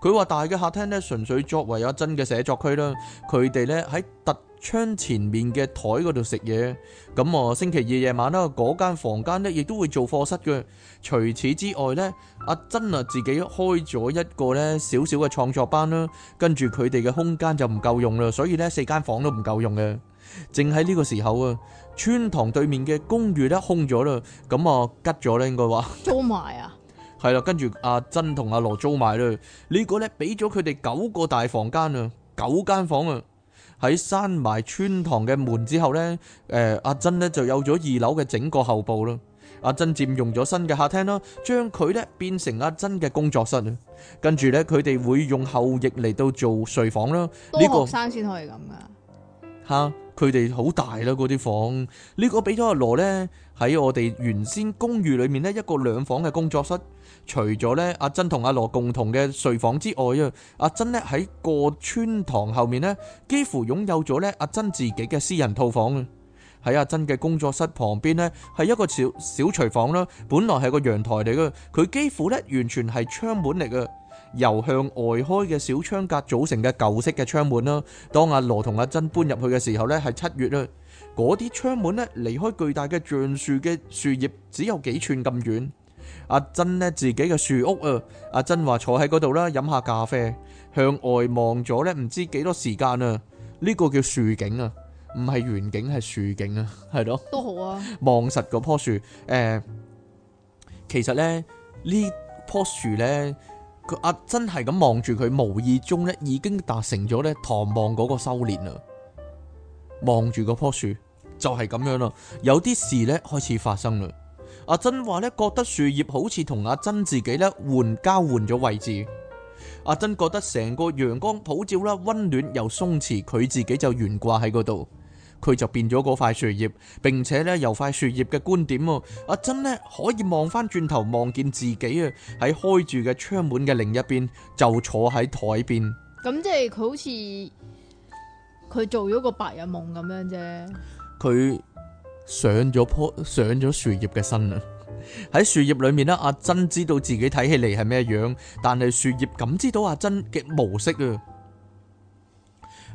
佢話大嘅客廳咧，純粹作為珍嘅寫作區啦。佢哋咧喺特。窗前面嘅台嗰度食嘢，咁啊星期二夜晚啦，嗰間房間咧亦都會做課室嘅。除此之外呢，阿珍啊自己開咗一個呢少少嘅創作班啦，跟住佢哋嘅空間就唔夠用啦，所以呢，四間房都唔夠用嘅。正喺呢個時候啊，村堂對面嘅公寓咧空咗啦，咁啊吉咗咧應該話租埋啊，係啦， 跟住阿珍同阿羅租埋啦，呢、呢個呢，俾咗佢哋九個大房間啊，九間房啊。喺閂埋穿堂嘅門之後呢，誒，阿珍呢就有咗二樓嘅整個後部啦。阿珍佔用咗新嘅客廳啦，將佢呢變成阿珍嘅工作室。跟住呢，佢哋會用後翼嚟到做睡房啦。呢個學生先可以咁噶。吓、呢個，佢哋好大啦，嗰啲房。呢、呢個俾咗阿羅呢，喺我哋原先公寓裏面呢一個兩房嘅工作室。除咗咧，阿珍同阿羅共同嘅睡房之外啊，阿珍咧喺個穿堂後面咧，幾乎擁有咗咧阿珍自己嘅私人套房啊。喺阿珍嘅工作室旁邊咧，係一個小小廚房啦。本來係個陽台嚟嘅，佢幾乎咧完全係窗門嚟嘅，由向外開嘅小窗格組成嘅舊式嘅窗門啦。當阿羅同阿珍搬入去嘅時候咧，係七月啦，嗰啲窗門咧離開巨大嘅橡樹嘅樹葉只有幾寸咁遠。阿珍呢，自己嘅樹屋啊，阿珍話坐喺嗰度啦，飲下咖啡，向外望咗咧，唔知幾多時間啊。呢個叫樹景啊，唔係遠景，係樹景啊，係咯。都好啊。望實嗰棵樹，誒、呃，其實咧呢棵樹咧，佢阿珍係咁望住佢，無意中咧已經達成咗咧唐望嗰個修煉啦。望住嗰棵樹就係、是、咁樣啦，有啲事咧開始發生啦。阿珍話咧，覺得樹葉好似同阿珍自己咧換交換咗位置。阿珍覺得成個陽光普照啦，溫暖又鬆弛，佢自己就懸掛喺嗰度，佢就變咗嗰塊樹葉，並且咧由塊樹葉嘅觀點，阿珍咧可以望翻轉頭望見自己啊，喺開住嘅窗門嘅另一邊就坐喺台邊。咁即係佢好似佢做咗個白日夢咁樣啫。佢。上咗棵上咗樹葉嘅身啊！喺樹葉裏面咧，阿珍知道自己睇起嚟係咩樣，但係樹葉感知到阿珍嘅模式啊，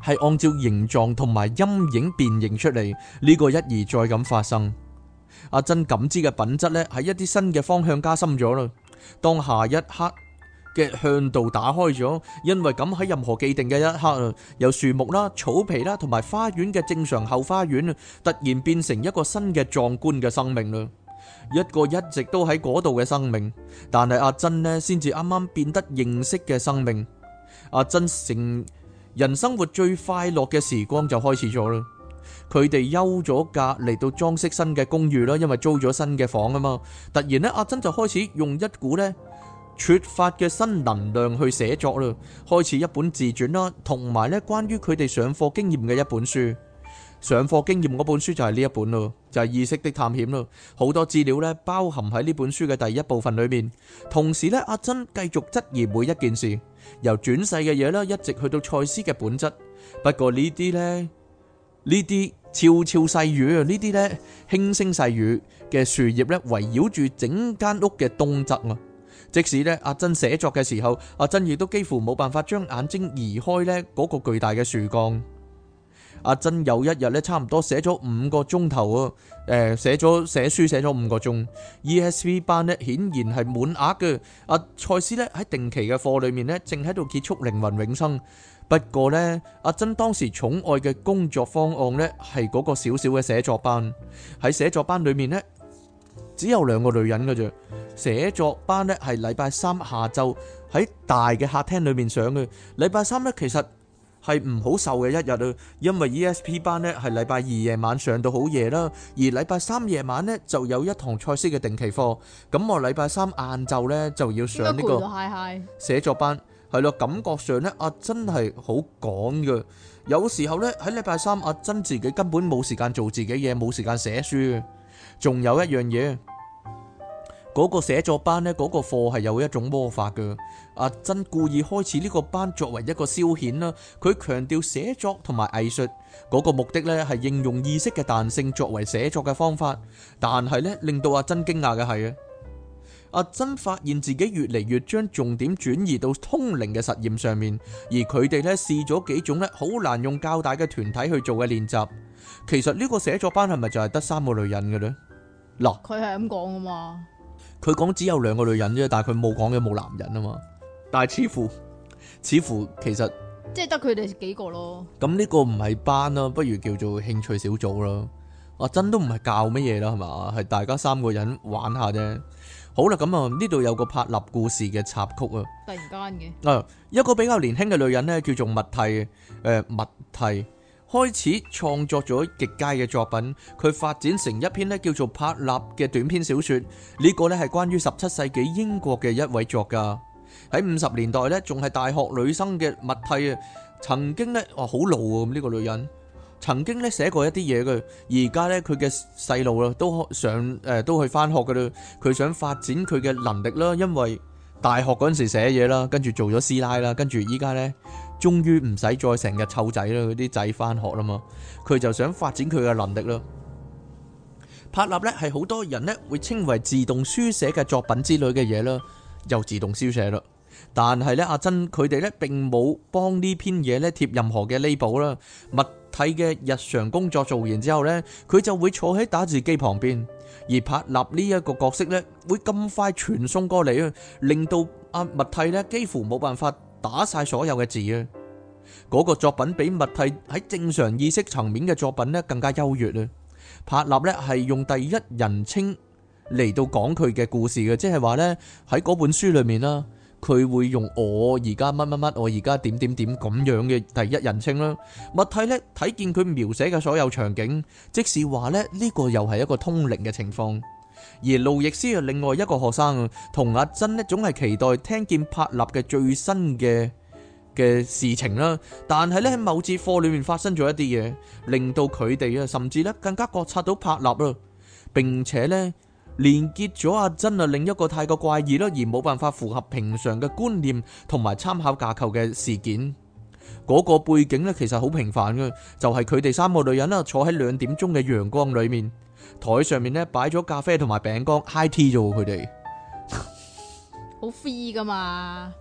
係按照形狀同埋陰影辨認出嚟。呢個一而再咁發生，阿珍感知嘅品質咧喺一啲新嘅方向加深咗啦。當下一刻嘅向度打開咗，因為咁喺任何既定嘅一刻啊，有樹木啦、草皮啦同埋花園嘅正常後花園啊，突然變成一個新嘅壯觀嘅生命啦，一個一直都喺嗰度嘅生命，但係阿珍呢先至啱啱變得認識嘅生命，阿珍成人生活最快樂嘅時光就開始咗啦，佢哋休咗假嚟到裝飾新嘅公寓啦，因為租咗新嘅房啊嘛，突然呢阿珍就開始用一股呢。缺乏嘅新能量去寫作咯，開始一本自傳啦，同埋咧關於佢哋上課經驗嘅一本書。上課經驗嗰本書就係呢一本咯，就係意識的探險咯。好多資料咧包含喺呢本書嘅第一部分裏面。同時咧，阿珍繼續質疑每一件事，由轉世嘅嘢啦，一直去到賽斯嘅本質。不過呢啲呢，呢啲悄悄細語啊，呢啲呢輕聲細語嘅樹葉咧，圍繞住整間屋嘅東側啊。即使咧阿珍寫作嘅時候，阿珍亦都幾乎冇辦法將眼睛移開呢嗰個巨大嘅樹幹。阿珍有一日呢，差唔多寫咗五個鐘頭啊！誒、呃，寫咗寫書，寫咗五個鐘。E.S.V 班呢，顯然係滿額嘅。阿賽斯呢，喺定期嘅課裏面呢，正喺度結束靈魂永生。不過呢，阿珍當時寵愛嘅工作方案呢，係嗰個小小嘅寫作班。喺寫作班裏面呢，只有兩個女人嘅啫。寫作班呢，係禮拜三下晝喺大嘅客廳裏面上嘅。禮拜三呢，其實係唔好受嘅一日啊，因為 E S P 班呢，係禮拜二夜晚上到好夜啦。而禮拜三夜晚呢，就有一堂賽斯嘅定期課。咁我禮拜三晏晝呢，就要上呢個寫作班，係咯。感覺上呢，阿珍係好趕嘅。有時候呢，喺禮拜三阿珍、啊、自己根本冇時間做自己嘢，冇時間寫書。仲有一樣嘢，嗰個寫作班呢，嗰個課係有一種魔法嘅。阿珍故意開始呢個班作為一個消遣啦，佢強調寫作同埋藝術嗰個目的呢，係應用意識嘅彈性作為寫作嘅方法。但係呢，令到阿珍驚訝嘅係啊，阿珍發現自己越嚟越將重點轉移到通靈嘅實驗上面，而佢哋呢試咗幾種咧，好難用較大嘅團體去做嘅練習。其實呢個寫作班係咪就係得三個女人嘅咧？嗱，佢係咁講啊嘛，佢講只有兩個女人啫，但係佢冇講嘅冇男人啊嘛。但係似乎似乎其實即係得佢哋幾個咯。咁、這、呢個唔係班啦，不如叫做興趣小組啦。啊，珍都唔係教乜嘢啦，係嘛，係大家三個人玩下啫。好啦，咁啊呢度有個拍立故事嘅插曲啊，突然間嘅啊，一個比較年輕嘅女人咧，叫做麥蒂誒、呃、麥蒂。開始創作咗極佳嘅作品，佢發展成一篇咧叫做《帕納》嘅短篇小說。呢個咧係關於十七世紀英國嘅一位作家。喺五十年代咧，仲係大學女生嘅物蒂啊，曾經呢，哦好老啊呢個女人，曾經呢，寫過一啲嘢嘅。而家呢，佢嘅細路啦都上誒都去翻學噶啦，佢想發展佢嘅能力啦，因為大學嗰陣時寫嘢啦，跟住做咗師奶啦，跟住依家呢。終於唔使再成日湊仔啦，佢啲仔翻學啦嘛，佢就想發展佢嘅能力啦。拍立咧係好多人咧會稱為自動書寫嘅作品之類嘅嘢啦，又自動書寫啦。但係咧阿珍佢哋咧並冇幫呢篇嘢咧貼任何嘅 label 啦。物體嘅日常工作做完之後咧，佢就會坐喺打字機旁邊，而拍立呢一個角色咧會咁快傳送過嚟，令到阿物體咧幾乎冇辦法。打晒所有嘅字啊！嗰個作品比物體喺正常意識層面嘅作品咧更加優越啊！柏納咧係用第一人稱嚟到講佢嘅故事嘅，即係話咧喺嗰本書裏面啦，佢會用我而家乜乜乜，我而家點點點咁樣嘅第一人稱啦。物體咧睇見佢描寫嘅所有場景，即是話咧呢個又係一個通靈嘅情況。而路易斯啊，另外一個學生同阿珍咧，總係期待聽見柏立嘅最新嘅嘅事情啦。但係呢，喺某節課裏面發生咗一啲嘢，令到佢哋啊，甚至咧更加覺察到柏立啦，並且呢，連結咗阿珍啊，另一個太過怪異啦而冇辦法符合平常嘅觀念同埋參考架構嘅事件。嗰個背景呢，其實好平凡嘅，就係佢哋三個女人啦，坐喺兩點鐘嘅陽光裏面。台上面咧擺咗咖啡同埋餅乾 high tea 啫喎，佢哋好 free 噶嘛？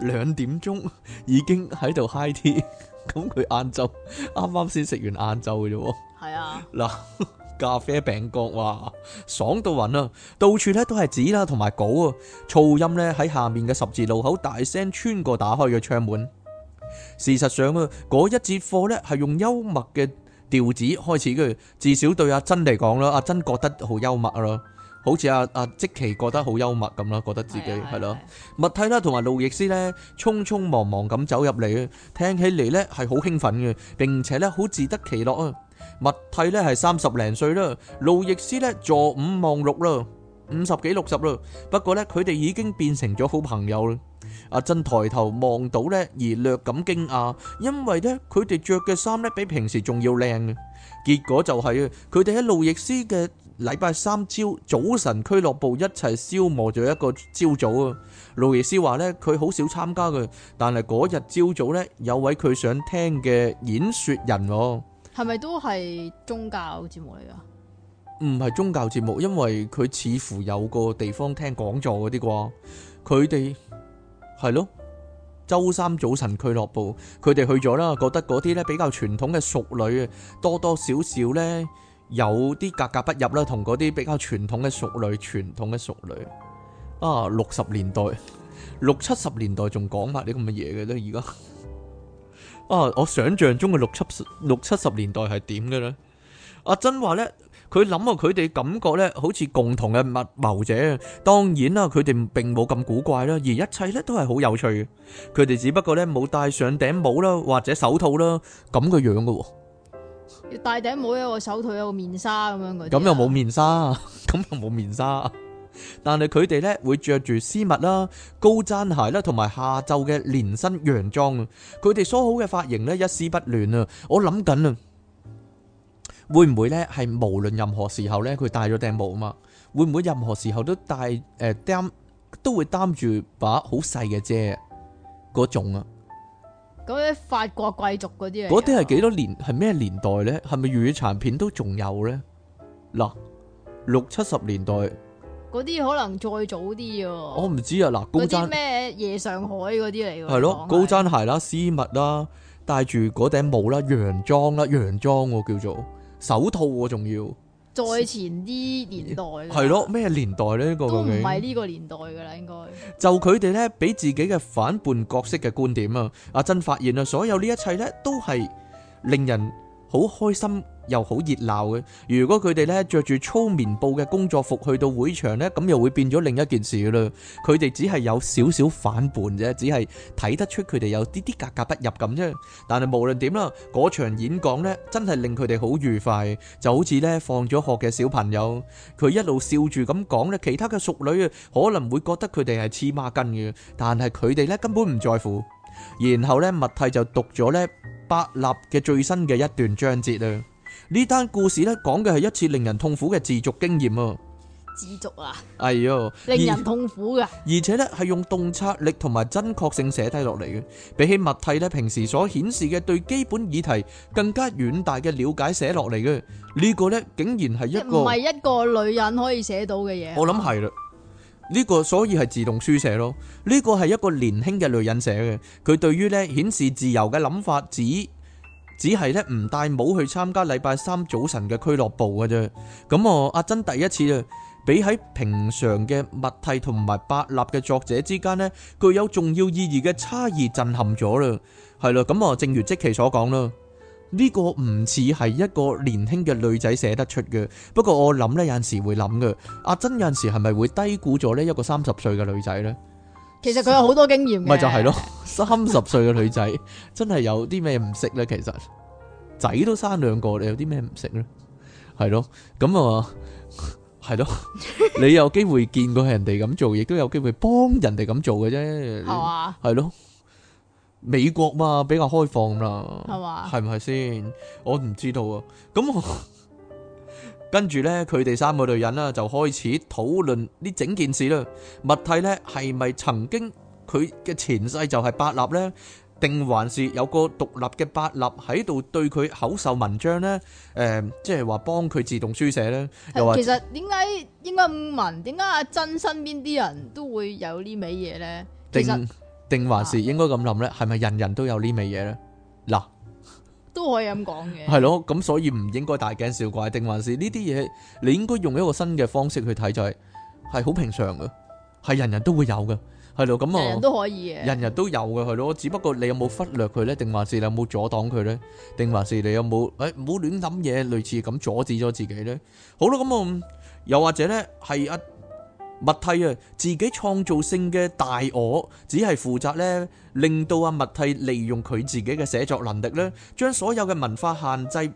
兩 點鐘已經喺度 high tea，咁佢晏晝啱啱先食完晏晝嘅啫喎。係啊，嗱咖啡餅乾，餅乾哇，爽到暈啊！到處咧都係紙啦同埋稿啊，噪音咧喺下面嘅十字路口大聲穿過打開嘅窗門。事實上啊，嗰一節課咧係用幽默嘅調子開始，嘅，至少對阿珍嚟講啦，阿珍覺得好幽默咯，好似阿阿積奇覺得好幽默咁啦，覺得自己係咯。麥蒂啦同埋路易斯呢，匆匆忙忙咁走入嚟，聽起嚟呢係好興奮嘅，並且呢好自得其樂啊。麥蒂呢係三十零歲啦，路易斯呢坐五望六啦。五十幾六十啦，不過呢，佢哋已經變成咗好朋友啦。阿珍抬頭望到呢，而略感驚訝，因為呢，佢哋着嘅衫呢，比平時仲要靚嘅。結果就係佢哋喺路易斯嘅禮拜三朝早，早晨俱樂部一齊消磨咗一個朝早啊。路易斯話呢，佢好少參加嘅，但係嗰日朝早呢，有位佢想聽嘅演說人咯，哦。係咪都係宗教節目嚟噶？唔係宗教節目，因為佢似乎有個地方聽講座嗰啲啩，佢哋係咯，周三早晨俱樂部，佢哋去咗啦，覺得嗰啲呢比較傳統嘅淑女，多多少少呢有啲格格不入啦，同嗰啲比較傳統嘅淑女，傳統嘅淑女啊，六十年代、六七十年代仲講埋啲咁嘅嘢嘅咧，而家啊，我想象中嘅六七六七十年代係點嘅呢？阿珍話呢。佢諗啊，佢哋感覺咧，好似共同嘅密謀者。當然啦，佢哋並冇咁古怪啦，而一切咧都係好有趣嘅。佢哋只不過咧冇戴上頂帽啦，或者手套啦，咁嘅樣噶。要戴頂帽啊，個手套啊，個面紗咁樣嗰啲。咁又冇面紗，咁又冇面紗。但係佢哋咧會着住絲襪啦、高踭鞋啦，同埋下晝嘅連身洋裝。佢哋梳好嘅髮型咧一絲不亂啊！我諗緊啊。會唔會咧？係無論任何時候咧，佢戴咗頂帽啊嘛！會唔會任何時候都戴誒擔都會擔住把好細嘅遮嗰種啊？嗰啲法國貴族嗰啲嚟。嗰啲係幾多年係咩年代咧？係咪粵語殘片都仲有咧？嗱，六七十年代嗰啲可能再早啲喎。我唔知啊！嗱，高踭嗰啲咩夜上海嗰啲嚟㗎。係咯，高踭鞋啦，絲襪啦，戴住嗰頂帽啦，洋裝啦，洋裝喎叫做。手套喎仲要，再前啲年代，係咯，咩年代咧？呢個都唔係呢個年代噶啦，應該就佢哋咧，俾自己嘅反叛角色嘅觀點啊！阿珍發現啊，所有呢一切咧，都係令人。好開心又好熱鬧嘅百立嘅最新嘅一段章節啦，呢單故事咧講嘅係一次令人痛苦嘅自足經驗啊，自足啊，哎喲，令人痛苦噶，而且咧係用洞察力同埋真確性寫低落嚟嘅，比起物體咧平時所顯示嘅對基本議題更加遠大嘅了解寫落嚟嘅，呢個咧竟然係一個唔係一個女人可以寫到嘅嘢，我諗係啦。呢、這個所以係自動書寫咯，呢、這個係一個年輕嘅女人寫嘅，佢對於咧顯示自由嘅諗法，只只係咧唔戴帽去參加禮拜三早晨嘅俱樂部嘅啫。咁啊，阿珍第一次啊，比喺平常嘅物蒂同埋伯立嘅作者之間呢，具有重要意義嘅差異震撼咗啦，係啦，咁啊，正如即其所講啦。呢個唔似係一個年輕嘅女仔寫得出嘅。不過我諗咧，有陣時會諗嘅。阿珍有陣時係咪會低估咗咧，一個三十歲嘅女仔咧？其實佢有好多經驗。咪就係咯，三十歲嘅女仔真係有啲咩唔識咧？其實仔都生兩個，你有啲咩唔識咧？係咯，咁啊，係咯。你有機會見過人哋咁做，亦都有機會幫人哋咁做嘅啫。係嘛？係咯。美國嘛比較，開放啦，係嘛？係唔係先？我唔知道啊。咁跟住咧，佢 哋三個女人啦就開始討論呢整件事啦。物體咧係咪曾經佢嘅前世就係八納咧？定還是有個獨立嘅八納喺度對佢口授文章咧？誒、呃，即係話幫佢自動書寫咧？又話其實點解應該問點解阿珍身邊啲人都會有呢味嘢咧？其實。定定還是應該咁諗咧？係咪人人都有呢味嘢咧？嗱，都可以咁講嘅。係咯，咁所以唔應該大驚小怪。定還是呢啲嘢，你應該用一個新嘅方式去睇，就係係好平常噶，係人人都會有噶，係咯。咁啊，人人都可以嘅，人人都有噶，係咯。只不過你有冇忽略佢咧？定還是你有冇阻擋佢咧？定還是你有冇誒，唔好亂諗嘢，類似咁阻止咗自己咧？好啦，咁啊，又或者咧係一。物體啊，自己創造性嘅大我，只係負責咧，令到啊物體利用佢自己嘅寫作能力咧，將所有嘅文化限制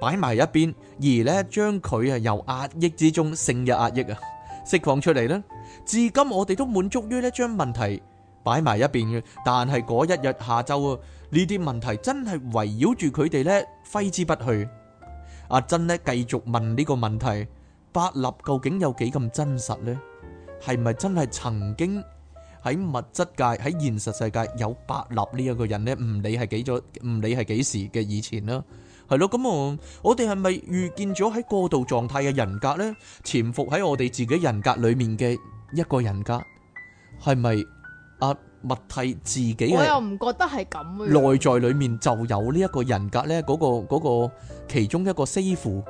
擺埋一邊，而咧將佢啊由壓抑之中性嘅壓抑啊，釋放出嚟啦。至今我哋都滿足於咧將問題擺埋一邊嘅，但係嗰一日下晝啊，呢啲問題真係圍繞住佢哋咧，揮之不去。阿珍咧繼續問呢個問題：「伯納究竟有幾咁真實咧？」係咪真係曾經喺物質界、喺現實世界有百立呢一個人咧？唔理係幾咗，唔理係幾時嘅以前啦，係咯。咁我我哋係咪遇見咗喺過渡狀態嘅人格咧？潛伏喺我哋自己人格裏面嘅一個人格，係咪阿物體自己？我又唔覺得係咁嘅。內在裏面就有呢一個人格咧，嗰個嗰個其中一個師傅。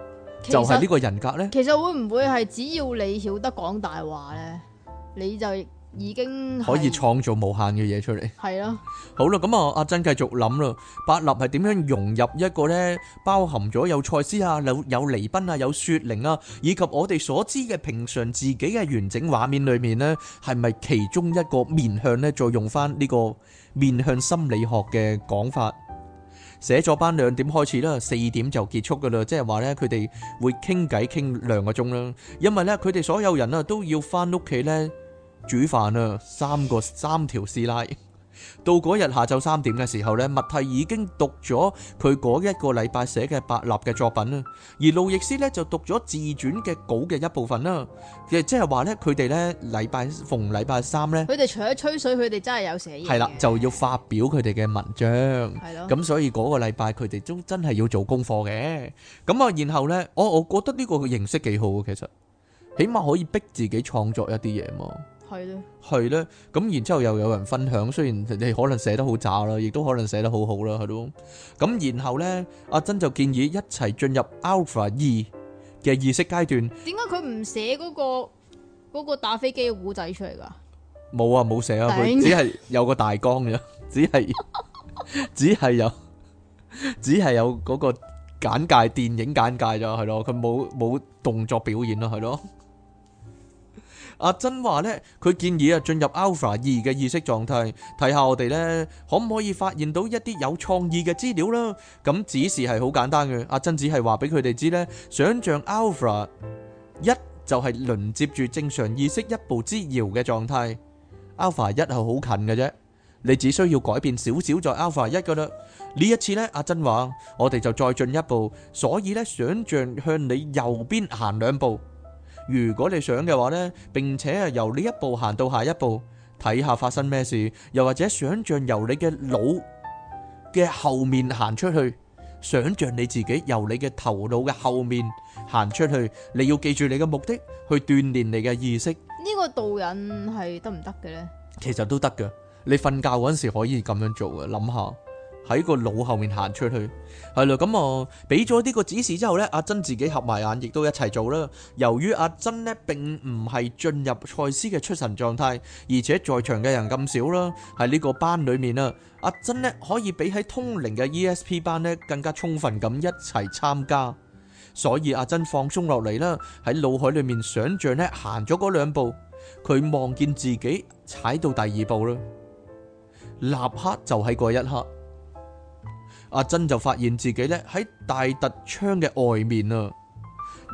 就係呢個人格咧，其實會唔會係只要你曉得講大話咧，你就已經可以創造無限嘅嘢出嚟？係咯，好啦，咁啊，阿珍繼續諗啦，伯立係點樣融入一個咧，包含咗有賽斯啊、有有黎賓啊、有雪玲啊，以及我哋所知嘅平常自己嘅完整畫面裏面咧，係咪其中一個面向咧？再用翻呢個面向心理學嘅講法。寫作班兩點開始啦，四點就結束噶啦，即係話呢，佢哋會傾偈傾兩個鐘啦，因為呢，佢哋所有人啊都要返屋企呢煮飯啊，三個三條師奶。到嗰日下晝三點嘅時候呢，密替已經讀咗佢嗰一個禮拜寫嘅白立嘅作品啦，而路易斯呢，就讀咗自傳嘅稿嘅一部分啦，即係話呢，佢哋呢禮拜逢禮拜三呢，佢哋除咗吹水，佢哋真係有寫嘢。係啦，就要發表佢哋嘅文章。係咁，所以嗰個禮拜佢哋都真係要做功課嘅。咁啊，然後呢，我、哦、我覺得呢個形式幾好嘅，其實起碼可以逼自己創作一啲嘢。係咯，係咯，咁然之後又有人分享，雖然你可能寫得好渣啦，亦都可能寫得好好啦，係咯。咁然後呢，阿珍就建議一齊進入 Alpha 二嘅意識階段。點解佢唔寫嗰個嗰個打飛機嘅故仔出嚟噶？冇啊，冇寫啊，佢只係有個大綱嘅，只係只係有，只係有嗰個簡介、電影簡介咋，係咯，佢冇冇動作表演咯，係咯。阿珍話呢，佢建議啊進入 alpha 二嘅意識狀態，睇下我哋呢可唔可以發現到一啲有創意嘅資料啦。咁指示係好簡單嘅，阿珍只係話俾佢哋知呢：想象 alpha 一就係輪接住正常意識一步之遙嘅狀態，alpha 一係好近嘅啫，你只需要改變少少就 alpha 一噶啦。呢一次呢，阿珍話我哋就再進一步，所以呢，想象向你右邊行兩步。如果你想嘅話呢，並且由呢一步行到下一步，睇下發生咩事，又或者想象由你嘅腦嘅後面行出去，想象你自己由你嘅頭腦嘅後面行出去，你要記住你嘅目的，去鍛煉你嘅意識。呢個導引係得唔得嘅呢？其實都得噶，你瞓覺嗰陣時候可以咁樣做噶，諗下。喺個腦後面行出去對，係啦。咁啊，俾咗呢個指示之後呢，阿珍自己合埋眼，亦都一齊做啦。由於阿珍呢並唔係進入賽斯嘅出神狀態，而且在場嘅人咁少啦，喺呢個班裏面啊，阿珍呢可以比喺通靈嘅 ESP 班呢更加充分咁一齊參加，所以阿珍放鬆落嚟啦，喺腦海裡面想像呢，行咗嗰兩步，佢望見自己踩到第二步啦，立刻就喺嗰一刻。阿珍就發現自己咧喺大凸窗嘅外面啊！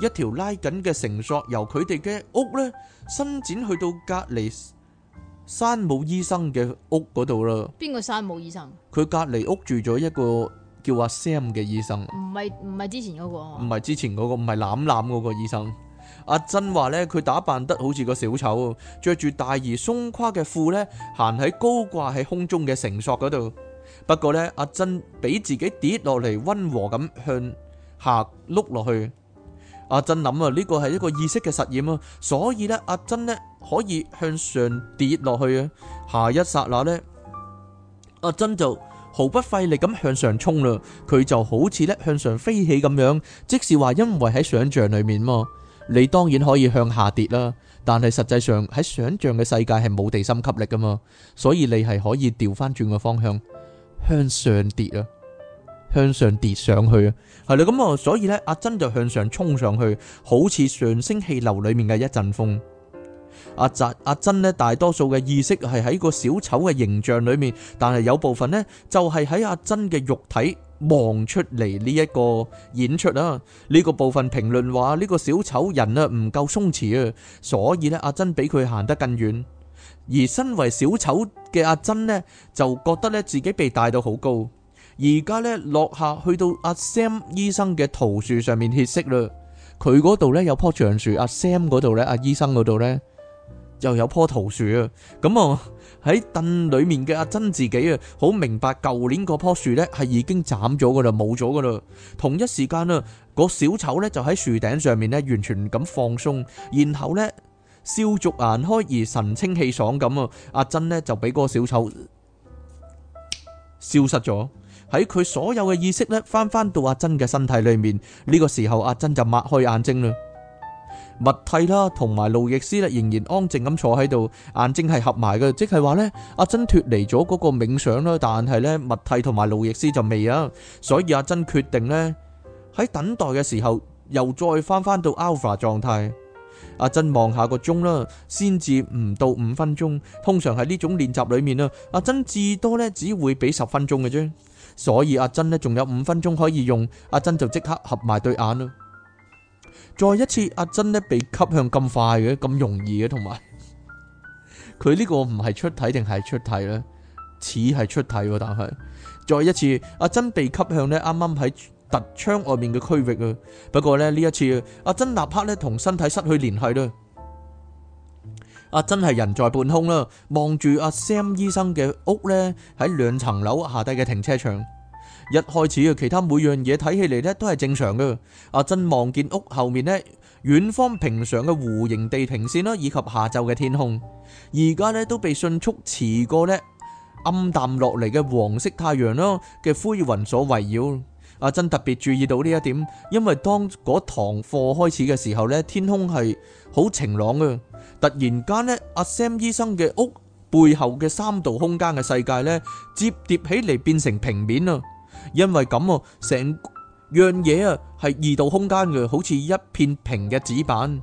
一條拉緊嘅繩索由佢哋嘅屋咧伸展去到隔離山姆醫生嘅屋嗰度啦。邊個山姆醫生？佢隔離屋住咗一個叫阿 Sam 嘅醫生。唔係，唔係之前嗰個？唔係之前嗰個，唔係攬攬嗰個醫生。阿珍話咧，佢打扮得好似個小丑，著住大而鬆垮嘅褲咧，行喺高掛喺空中嘅繩索嗰度。不過呢，阿珍俾自己跌落嚟，溫和咁向下碌落去。阿珍諗啊，呢個係一個意識嘅實驗啊，所以呢，阿珍呢可以向上跌落去啊。下一剎那呢，阿珍就毫不費力咁向上衝啦。佢就好似呢向上飛起咁樣，即是話因為喺想象裏面嘛，你當然可以向下跌啦。但係實際上喺想象嘅世界係冇地心吸力噶嘛，所以你係可以調翻轉個方向。向上跌啊，向上跌上去啊，係啦，咁啊，所以呢，阿珍就向上衝上去，好似上升氣流裏面嘅一陣風。阿扎阿珍呢，大多數嘅意識係喺個小丑嘅形象裏面，但係有部分呢，就係喺阿珍嘅肉體望出嚟呢一個演出啦。呢個部分評論話呢個小丑人啊唔夠鬆弛啊，所以呢，阿珍比佢行得更遠。而身為小丑嘅阿珍呢，就覺得呢自己被帶到好高，而家呢落下去到阿 Sam 醫生嘅桃樹上面歇息啦。佢嗰度呢有棵橡樹，阿 Sam 嗰度呢，阿、啊、醫生嗰度呢又有棵桃樹啊。咁啊喺凳裏面嘅阿珍自己啊，好明白舊年嗰棵樹呢係已經斬咗噶啦，冇咗噶啦。同一時間啊，嗰小丑呢就喺樹頂上面呢，完全咁放鬆，然後呢，笑逐顏開而神清氣爽咁啊！阿珍呢就俾嗰個小丑消失咗，喺佢所有嘅意識呢翻翻到阿珍嘅身體裏面。呢個時候阿珍就擘開眼睛啦，麥蒂啦同埋路易斯咧仍然安靜咁坐喺度，眼睛係合埋嘅，即係話呢，阿珍脫離咗嗰個冥想啦，但係呢，麥蒂同埋路易斯就未啊，所以阿珍決定呢，喺等待嘅時候又再翻翻到 alpha 狀態。阿珍望下個鐘啦，先至唔到五分鐘。通常喺呢種練習裏面啦，阿珍至多呢只會俾十分鐘嘅啫。所以阿珍呢，仲有五分鐘可以用，阿珍就即刻合埋對眼囉。再一次，阿珍呢被吸向咁快嘅，咁容易嘅，同埋佢呢個唔係出體定係出體呢？似係出體喎，但係再一次，阿珍被吸向呢，啱啱喺突窗外面嘅區域啊，不過咧呢一次阿珍立刻呢同身體失去聯繫啦，阿珍係人在半空啦，望住阿 Sam 醫生嘅屋呢，喺兩層樓下低嘅停車場。一開始啊，其他每樣嘢睇起嚟呢都係正常嘅。阿珍望見屋後面呢，遠方平常嘅弧形地平線啦，以及下晝嘅天空，而家呢，都被迅速遲，遲過呢暗淡落嚟嘅黃色太陽啦嘅灰雲所圍繞。阿珍特別注意到呢一點，因為當嗰堂課開始嘅時候咧，天空係好晴朗嘅。突然間咧，阿 Sam 醫生嘅屋背後嘅三度空間嘅世界咧，摺疊起嚟變成平面啊！因為咁啊，成樣嘢啊係二度空間嘅，好似一片平嘅紙板。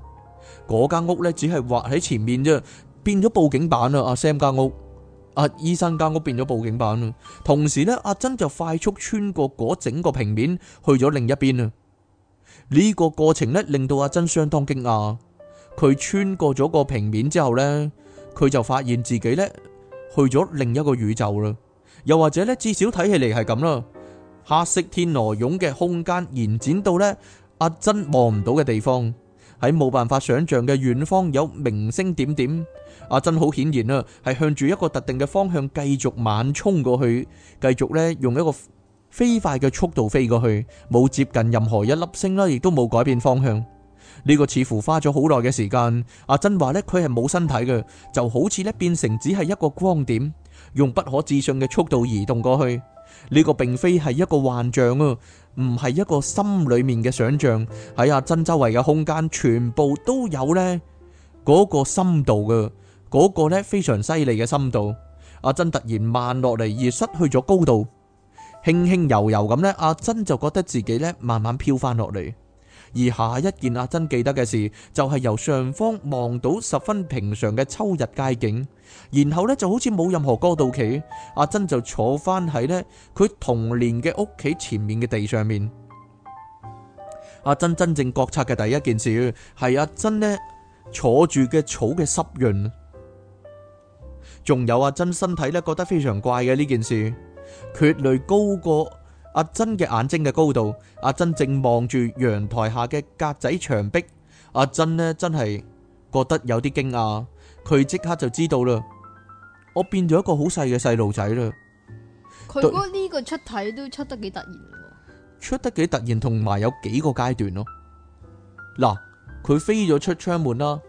嗰間屋咧，只係畫喺前面啫，變咗佈景板啦。阿 Sam 間屋。阿醫生間屋變咗報警板，同時呢，阿珍就快速穿過嗰整個平面去咗另一邊啦。呢、呢個過程呢，令到阿珍相當驚訝。佢穿過咗個平面之後呢，佢就發現自己呢，去咗另一個宇宙啦。又或者呢，至少睇起嚟係咁啦。黑色天鵝絨嘅空間延展到呢，阿珍望唔到嘅地方，喺冇辦法想象嘅遠方，有明星點點。阿珍好顯然啊，係向住一個特定嘅方向繼續猛衝過去，繼續咧用一個飛快嘅速度飛過去，冇接近任何一粒星啦，亦都冇改變方向。呢個似乎花咗好耐嘅時間。阿珍話咧，佢係冇身體嘅，就好似咧變成只係一個光點，用不可置信嘅速度移動過去。呢個並非係一個幻象啊，唔係一個心裏面嘅想象。喺阿珍周圍嘅空間，全部都有呢嗰個深度嘅。嗰、那個非常犀利嘅深度，阿珍突然慢落嚟而失去咗高度，輕輕柔柔咁，呢阿珍就覺得自己慢慢飄翻落嚟。而下一件阿珍記得嘅事，就係、是、由上方望到十分平常嘅秋日街景，然後呢就好似冇任何高度企阿珍就坐翻喺，呢佢童年嘅屋企前面嘅地上面。阿珍真正覺察嘅第一件事，係阿珍呢坐住嘅草嘅濕潤。仲有阿珍身體咧，覺得非常怪嘅呢件事，血淚高過阿珍嘅眼睛嘅高度。阿珍正望住陽台下嘅格仔牆壁。阿珍呢真係覺得有啲驚訝，佢即刻就知道啦。我變咗一個好細嘅細路仔啦。佢嗰呢個出體都出得幾突然。出得幾突然，同埋有幾個階段咯。嗱、啊，佢飛咗出窗門啦。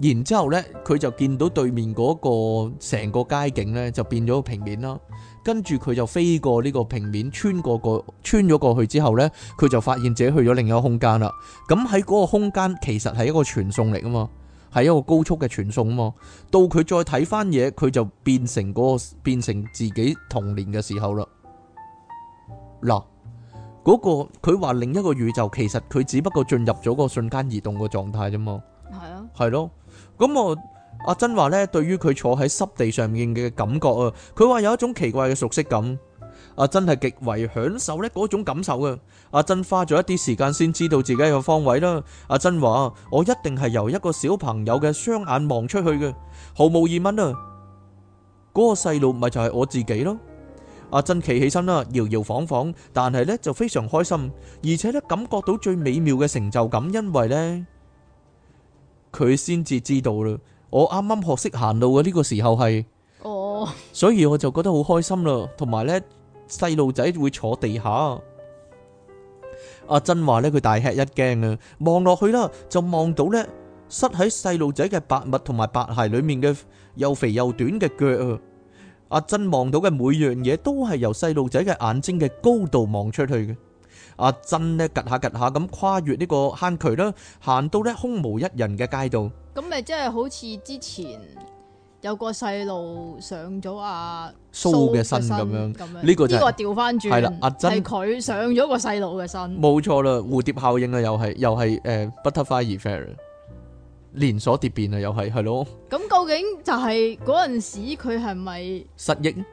然之後呢，佢就見到對面嗰個成個街景呢，就變咗個平面啦。跟住佢就飛過呢個平面，穿過個穿咗過去之後呢，佢就發現自己去咗另一個空間啦。咁喺嗰個空間其實係一個傳送嚟㗎嘛，係一個高速嘅傳送啊嘛。到佢再睇翻嘢，佢就變成嗰、那個變成自己童年嘅時候啦。嗱，嗰、那個佢話另一個宇宙，其實佢只不過進入咗個瞬間移動嘅狀態啫嘛。係啊，係咯。咁我阿珍話呢，對於佢坐喺濕地上面嘅感覺啊，佢話有一種奇怪嘅熟悉感。阿珍係極為享受呢嗰種感受嘅。阿珍花咗一啲時間先知道自己嘅方位啦。阿珍話，我一定係由一個小朋友嘅雙眼望出去嘅，毫無疑問啊。嗰個細路咪就係我自己咯。阿珍企起身啦，搖搖晃晃，但係呢就非常開心，而且呢感覺到最美妙嘅成就感，因為呢。佢先至知道啦，我啱啱學識行路嘅呢個時候係，哦，所以我就覺得好開心啦。同埋呢，細路仔會坐地下。阿珍話呢，佢大吃一驚啊！望落去啦，就望到呢，塞喺細路仔嘅白襪同埋白鞋裏面嘅又肥又短嘅腳啊！阿珍望到嘅每樣嘢都係由細路仔嘅眼睛嘅高度望出去嘅。阿珍咧，趌下趌下咁跨越呢個坑渠啦，行到咧，空無一人嘅街道。咁咪即係好似之前有個細路上咗阿蘇嘅身咁樣，呢個呢個調翻轉係啦，阿珍係佢上咗個細路嘅身，冇錯啦，蝴蝶效應啊，又係又係誒，butterfly effect，連鎖蝶變啊，又係係咯。咁究竟就係嗰陣時佢係咪失憶？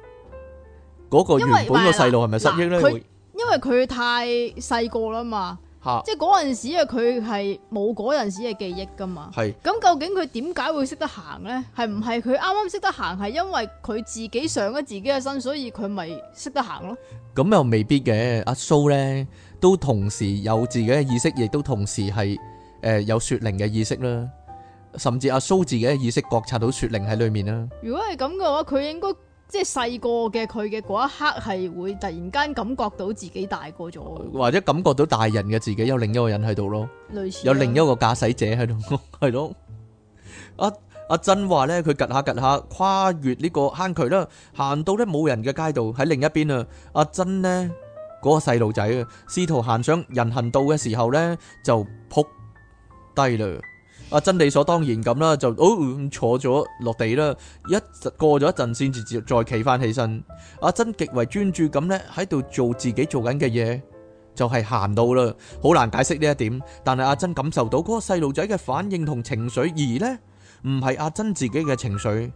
嗰個原本個細路係咪失憶咧？因為佢太細個啦嘛，吓，即係嗰陣時啊，佢係冇嗰陣時嘅記憶噶嘛。係，咁究竟佢點解會識得行咧？係唔係佢啱啱識得行係因為佢自己上咗自己嘅身，所以佢咪識得行咯？咁又未必嘅，阿蘇咧都同時有自己嘅意識，亦都同時係誒、呃、有雪靈嘅意識啦，甚至阿蘇自己嘅意識覺察到雪靈喺裏面啦。如果係咁嘅話，佢應該。即係細個嘅佢嘅嗰一刻，係會突然間感覺到自己大個咗，或者感覺到大人嘅自己有另一個人喺度咯，類似有另一個駕駛者喺度，係 咯。阿、啊、阿、啊、珍話呢，佢趌下趌下跨越呢個坑渠啦，行到呢冇人嘅街道喺另一邊啊。阿珍呢，嗰、那個細路仔啊，試圖行上人行道嘅時候呢，就撲低嘞。阿珍理所當然咁啦，就哦坐咗落地啦，一過咗一陣先至接再企翻起身。阿珍極為專注咁呢，喺度做自己做緊嘅嘢，就係、是、行到啦，好難解釋呢一點。但係阿珍感受到嗰個細路仔嘅反應同情緒，而呢，唔係阿珍自己嘅情緒。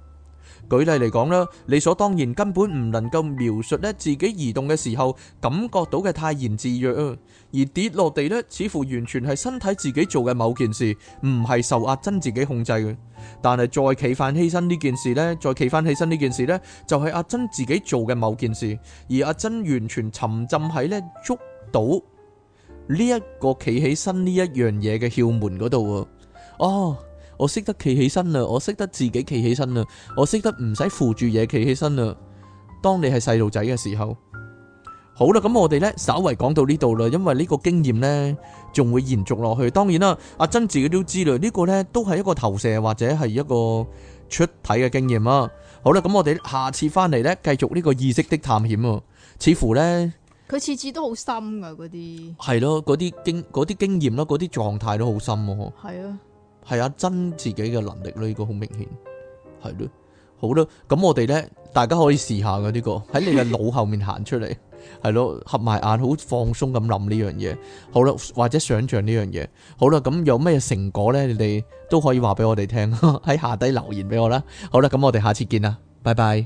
舉例嚟講啦，理所當然根本唔能夠描述呢，自己移動嘅時候感覺到嘅泰然自若啊，而跌落地呢，似乎完全係身體自己做嘅某件事，唔係受阿珍自己控制嘅。但係再企返起身呢件事呢，再企翻起身呢件事呢，就係阿珍自己做嘅某件事，而阿珍完全沉浸喺呢，捉到呢一個企起身呢一樣嘢嘅竅門嗰度啊，哦。我識得企起身啦，我識得自己企起身啦，我識得唔使扶住嘢企起身啦。當你係細路仔嘅時候，好啦，咁我哋呢，稍微講到呢度啦，因為呢個經驗呢，仲會延續落去。當然啦，阿珍自己都知啦，呢個呢都係一個投射或者係一個出體嘅經驗啦。好啦，咁我哋下次翻嚟呢，繼續呢個意識的探險啊。似乎呢，佢次次都好深啊，嗰啲係咯，嗰啲經嗰啲經驗啦，嗰啲狀態都好深。係啊。係啊，真自己嘅能力呢，呢個好明顯，係咯，好咯，咁我哋呢，大家可以試下嘅呢，呢個喺你嘅腦後面行出嚟，係 咯，合埋眼，好放鬆咁諗呢樣嘢，好啦，或者想象呢樣嘢，好啦，咁有咩成果呢？你哋都可以話俾我哋聽，喺 下底留言俾我啦，好啦，咁我哋下次見啦，拜拜。